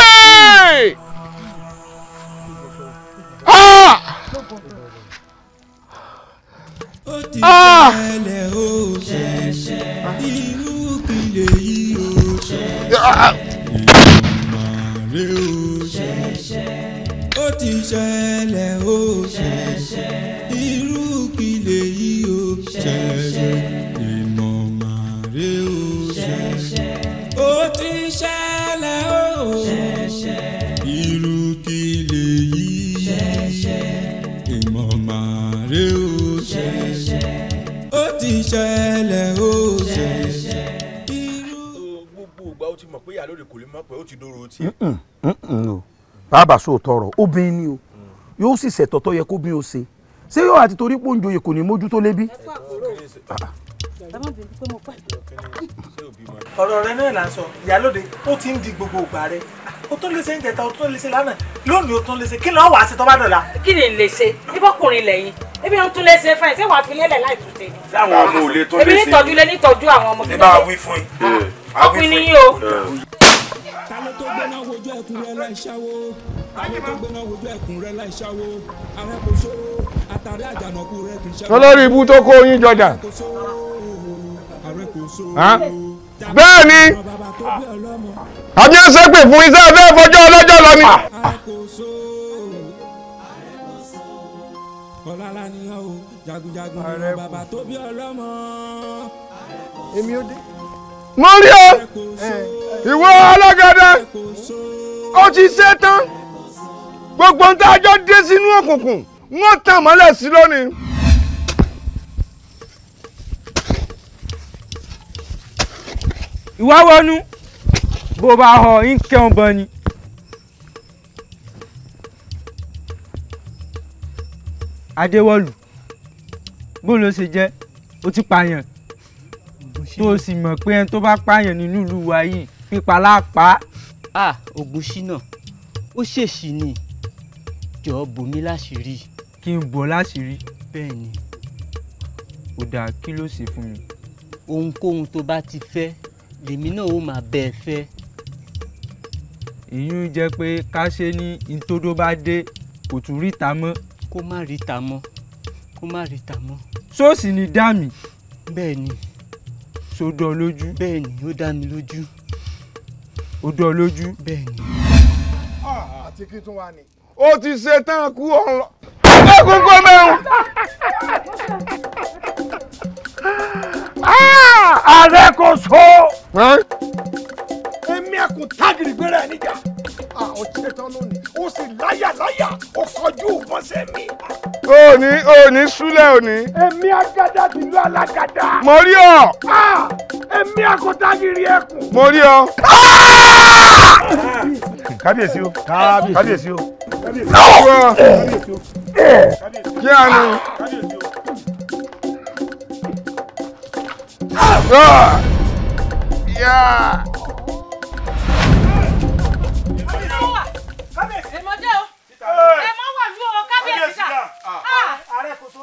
ó ti ṣẹlẹ̀ ó ó ti ṣẹlẹ̀ ó ṣẹ̀ṣẹ̀ irú kílẹ̀ yìí ó ṣẹ̀ṣẹ̀ ìmọ̀ màrè ó ṣẹ̀ṣẹ̀ ó ti ṣẹlẹ̀ ó ṣẹ̀ṣẹ̀ irú kílẹ̀ yìí ṣẹ̀ṣẹ̀ ìmọ̀ màrè ó ṣẹ̀ṣẹ̀ ó ti ṣẹlẹ̀ ó ṣẹ̀ṣẹ̀ irú. gbogbo ìgbà ó ti mọ̀ pé ìyá lóde kò lè mọ̀ pé ó ti dóró tiẹ̀ bàbá sóòótọ́ ọ̀rọ̀ obìnrin ni o yóò sì ṣètò tó yẹ kóbìnrin o ṣe ṣé yóò àti torí pé òǹjòyè kò ní mójútó lébi. Ah. ọ̀rọ̀ rẹ náà là ń sọ ìyálóde ó ti ń di gbogbo ìgbà rẹ o tún lè ṣe ń jẹta o tún lè ṣe lánàá lónìí o tún lè ṣe kí ló wàá ṣe tó bá dọ̀la. kí ni lè ṣe ibọkùnrin lẹ́yìn ebi ń tún lè ṣe fún ẹ ṣé wàá fi lélẹ̀ láì tún ṣe. sáwọn ọmọ ò lè tó lè ṣe ebi nítọ́jú lé nítọ́jú àwọn ọmọ kí ló dé. ẹ bá wí fún yín. ọkùnrin yín o àwọn tó gbéná wojú ẹkùn rẹ láì ṣáwó àwọn tó gbéná wojú ẹkùn rẹ láì ṣáwó àwọn kò sówó àtàrí àjànàkú rẹ kì í ṣáwó. olórí ibú tó kó yín jọjà. bẹ́ẹ̀ ni àbí ó ṣe pè fún iṣẹ́ abẹ́ fọjọ́ ọlọ́jọ́ lọ ni. ọ̀làlá ni ọ̀ jagunjagun bàbá tó bí ọlọ́mọ. èmi ò dé mo rí ọ ìwọ ọlọ́gẹ̀dẹ̀ ó ti ṣe tán gbogbo ń tá a jọ dé sínú òkùnkùn wọ́n tàn mọ́lẹ̀ sí lónìí. ìwà wọnú bó bá họ ń kẹun bọ ni. adéwọlù bó ló ṣe jẹ́ ó ti pààyàn tó sì mọ̀ pé ẹni tó bá pààyàn nínú ìlú wa yìí pípa lápá. a ògùn ṣínà ó ṣèṣì ni jọ̀ọ́ bò mí láṣìírí. kí n bò láṣìírí. bẹ́ẹ̀ ni. ó dáa kí ló ṣe fún mi. ohunkóhun tó bá ti fẹ́ lèmi náà ó máa bẹ́ ẹ fẹ́. ìyún jẹ́ pé ká ṣe ní ntódó bá dé kò tún ríta mọ́. kó má ríta mọ́ kó má ríta mọ́. ṣọ́ọ̀ṣì ni dá mi. bẹ́ẹ̀ ni ṣó dọ́ ọ lójú. bẹ́ẹ̀ ni ó dá mi lójú. ó dọ́ ọ lójú. bẹ́ẹ̀ ni. Ah, àti kí tún wà ní. ó ti ṣe tán kú ọ̀run lọ. ẹkún kó mẹ́rùn. Ah, ààrẹ kò so. èmi ẹkùn tágìrì gbéra ẹ níjà. àwọn ah, ṣetán lónìí ó sì láyà láyà ó kọjú ìbọn sẹ́mi ni òní òní súlẹ̀ òní. èmi agada ti lu alágada. mo Ah. ọ. èmi akọtagiri ẹkùn. mo rí ọ. kábíyèsí o kábíyèsí o kábíyèsí o. Eh. kí á ah! ah. Yeah!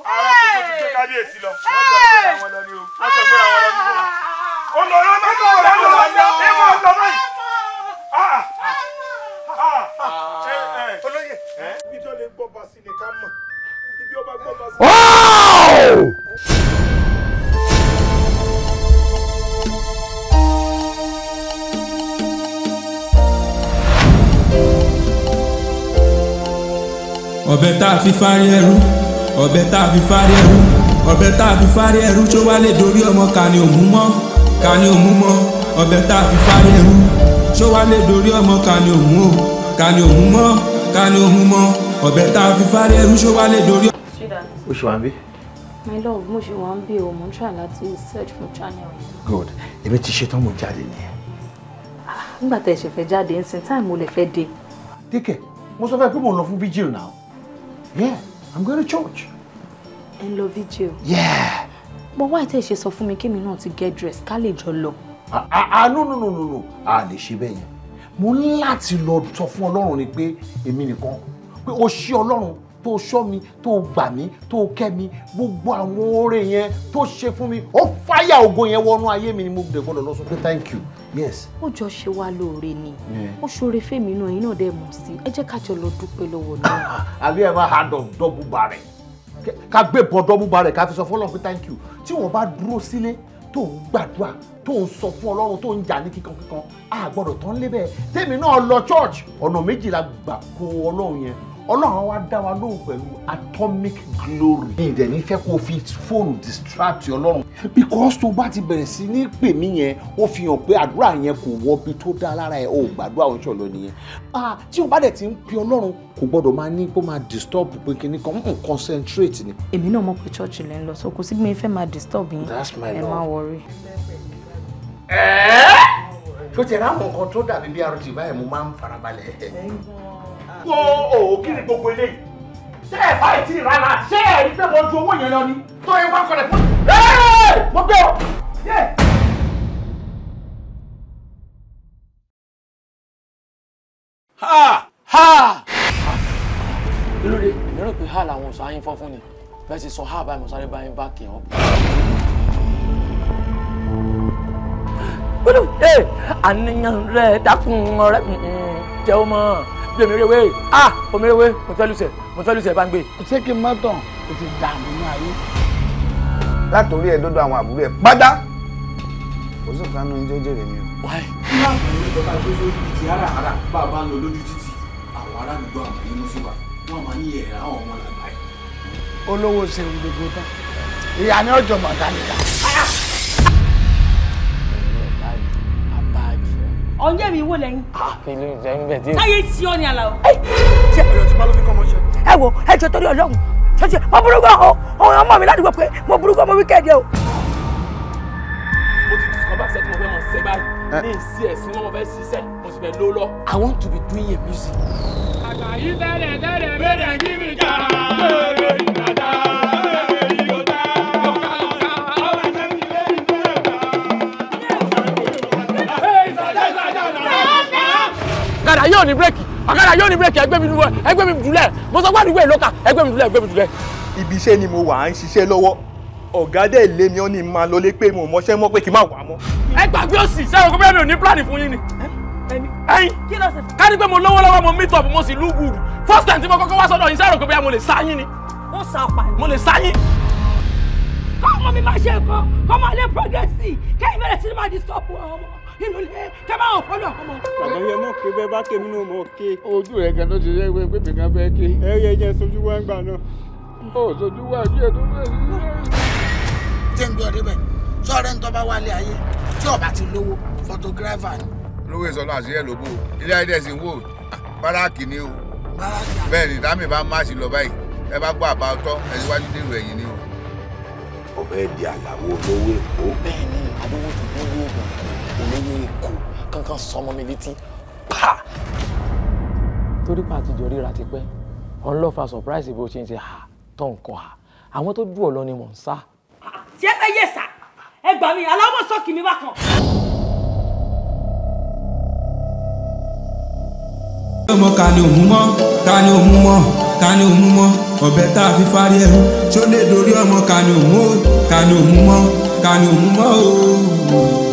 ara tuntun ti gbé kábíyèsí tá a fi fárí ẹrú ọ̀bẹ tá a fi fárí ẹrú ọ̀bẹ tá a fi fárí ẹrú tó wá lè dorí ọmọ kàní òmú mọ́ kàní òmú mọ́ ọ̀bẹ tá a fi fárí ẹrú tó wá lè dorí ọmọ kàní òmú o kàní òmú mọ́ kàní òmú mọ́ ọ̀bẹ tá a fi fárí ẹrú tó wá lè dorí. o ṣe wà ń bí. my love mo ṣe wà ń bí o mo ń try láti search for channel. good èmi ti ṣetán mo jáde ni. Ah, nígbà tẹ̀ ṣe fẹ́ jáde ń sin táìmù mo lè fẹ́ dé. díkẹ̀ mo sọ fẹ́ pé mo lọ fún fíjìl now. yeah. I'm going to church. Ẹ love lọ Yeah. But why tẹ́ ẹ ṣe sọ fún mi kémi náà ti get dressed ká lè jọ ah, ah, ah no no no no no a lè ṣe bẹ́ẹ̀ yẹn. Mo ní láti lọ sọ fún Ọlọ́run ni pé èmi nìkan pé o ṣí Ọlọ́run tó ṣọ́ mi tó gbà mí tó kẹ́ mi gbogbo àwọn oore yẹn tó ṣe fún mi ó fáyà ògo yẹn wọnú ayé mi ni mo dẹ̀ gbọ́dọ̀ lọ sọ pé thank you yes. ó jọ ṣe wá lóore ni ó ṣoore fèmí náà yín náà dẹ̀ mọ̀ sí ẹ jẹ́ kájọ lọ dúpẹ́ lọ́wọ́ náà. Ah, ah, ah, àbí ẹ máa hàdọ̀ of double rẹ̀ ká gbé bọ́ dọ́bù bá rẹ̀ ká fi sọ fọlọ́run pé thank you tí wọ́n bá dúró sílé tó ń gbàdúrà tó ń sọ fún ọlọ́run tó ń jà ní kíkankíkan a gbọ́dọ̀ tán lébẹ̀ tèmi náà lọ church ọ̀nà méjìlá gbà kó ọlọ́run yẹn ọlọ́run wa dá wa lóhùn pẹ̀lú atomic glory. mi dẹ̀ ní fẹ́ kó o fi fóònù distract ọlọ́run because tó bá ti bẹ̀rẹ̀ sí ní pè mí yẹn ó fi hàn pé àdúrà yẹn kò wọbi tó dá lára ẹ̀ ò gbàdúrà òun ṣọ̀lọ́ nìyẹn tí o bá dẹ̀ ti ń pe ọlọ́run kò gbọ́dọ̀ máa ní kó máa disturb pé kíní kan ń concentrate ni. èmi náà mọ̀ pé church lẹ́ ń lọ so kò sí mi fẹ́ máa disturb yín ẹ má worry. tó tẹ̀lé àwọn nǹkan tó dàbí bí arúgbó báyìí mo máa ń farabalẹ̀ kó òkìrì gbogbo eléyìí ṣé ẹ bá ìtì rárá ṣé ẹ rí pé mo ju owó yẹn lọ ni tó yẹ wá kọlẹ fún mi. mo gbé o. ha ha. kí ló dé èmi rò pé ha làwọn ọ̀sán ayín fọ́ fún ni bẹ́ẹ̀ sì sọ ha báyìí mo sáré báyìí bá kì í hàn. gbọ́dọ̀ ṣe àníyàn rẹ̀ dákun ọ̀rẹ́ jẹ́ o bí omi rèwé ah omi rèwé mo tẹ́lú sẹ̀ mo tẹ́lú sẹ̀ bá ń gbé. ṣé kí n má tàn o ti dà nínú ayé. látòrí ẹ dọdọ àwọn àbúrò ẹ pátá kò sí ìkànnì oúnjẹ ó jèrè mi o. wáyé. láàbù ìjọba tó ṣe ibi ti ara ara bá a bá ń lọ lójú títì àwọn ará àdúgbò àwọn yìí mú sí wa wọn máa ní ẹ̀rá àwọn ọmọ làgbà yìí. olówó ṣe gbogbo tán ìyá ni ọjọ́ mọ̀tánìkà. Ah! ọjọ́ mi wò lẹ́yìn. ìlú ìjẹ́ ń bẹ̀ díẹ̀. táyé tí ọ ni àlàó. ṣé ẹ̀rọ ti bá ló fi kọ́ ọmọ ṣe. ẹ wo ẹ jọ torí Ọlọ́run ṣọṣẹ mo burú gan o òun ọmọ mi ládùúgbò pé mo burú gan mo wí kéde o. mo ti dùn kọ́bá ṣẹ́ tí mo fẹ́ mọ̀ ṣẹ́ báyìí ní ìsí ẹ̀sìn wọn mo fẹ́ ṣiṣẹ́ mo sì fẹ́ ló lọ. I want to be doing a music. àgbà yìí tẹ́lẹ̀ tẹ́lẹ̀ bẹ́ẹ̀ yóò ní bírèkì ọ̀kadà yóò ní bírèkì ẹgbẹ́ mi dúlẹ̀ ẹgbẹ́ mi dúlẹ̀ mo sọ wádìí wẹ̀ lọ́kà ẹgbẹ́ mi dúlẹ̀ ẹgbẹ́ mi dúlẹ̀. ibi iṣẹ́ ni mo wà á ń ṣiṣẹ́ lọ́wọ́ ọ̀gá dẹ̀ lé mi ọ́ ni máa lọlé pé mo mọṣẹ́ mọ́ pé kí n má wà á mọ́. ẹ gbàgbé òsì sẹ́wọ̀n kó bẹ́ẹ̀ mi ò ní pílánì fún yín ni. ẹyin ká ní pé mo lówó lọ́wọ́ mo meet up mo sì lú first time tí mo kọ́kọ́ wá sọ́dọ̀ yín sẹ́wọ̀n kó bẹ́ẹ̀ mo lè sáyín ni. ó sa ọ̀pá ni. mo lè sáyín. kọ́ ọmọ mi máa ṣe nǹkan kọ́ máa lé progress sí kẹ́yìn bẹ̀rẹ̀ sí ni máa ọmọ inú ilé tẹ́ bá wọn fọ́lọ́ ọmọ. bàbá yẹn mọ̀ pé bẹ́ẹ̀ bá kémi náà mọ̀ ké. ojú rẹ̀ gan ló ti yẹ pé pèmí kan fẹ́ ké. ẹ yẹ jẹ sojú wá ń gbà náà. ó sojú wá bí ètò bẹ́ẹ̀ photographer ni. olówó ìsọlọ àti ẹ lóbó ilé ayé dẹ̀ sí wò báràkì ni o. bẹ́ẹ̀ ni dámì bá máàsì lọ báyìí ẹ bá gbọ́ àbá ọtọ́ ẹ síwájú dèrò ẹ̀yìn ni o. ọbẹ̀ di àlàwo olówó èkó. bẹ́ẹ̀ ni àdéhùn ti dúró oògùn olóyè èkó kankan sọmọ mi létí pa. torí pa àtijọ́ ríra ti pẹ́ ọ̀n lọ́ fa surprise bó ṣe ń ṣe hà tó nǹkan hà àwọn tó jù ọ́ lọ ni mò ń sá. tí ẹ fẹ́ yẹ sá ẹ gbà mí aláwọ̀ sọ́ọ̀kì mi bá kan. ọmọ ta ni òun mọ ta ni òun mọ ta ni òun mọ ọbẹ tá a fi fárí ẹrú tó lè dorí ọmọ ta ni òun ó ta ni òun mọ ta ni òun mọ ooo.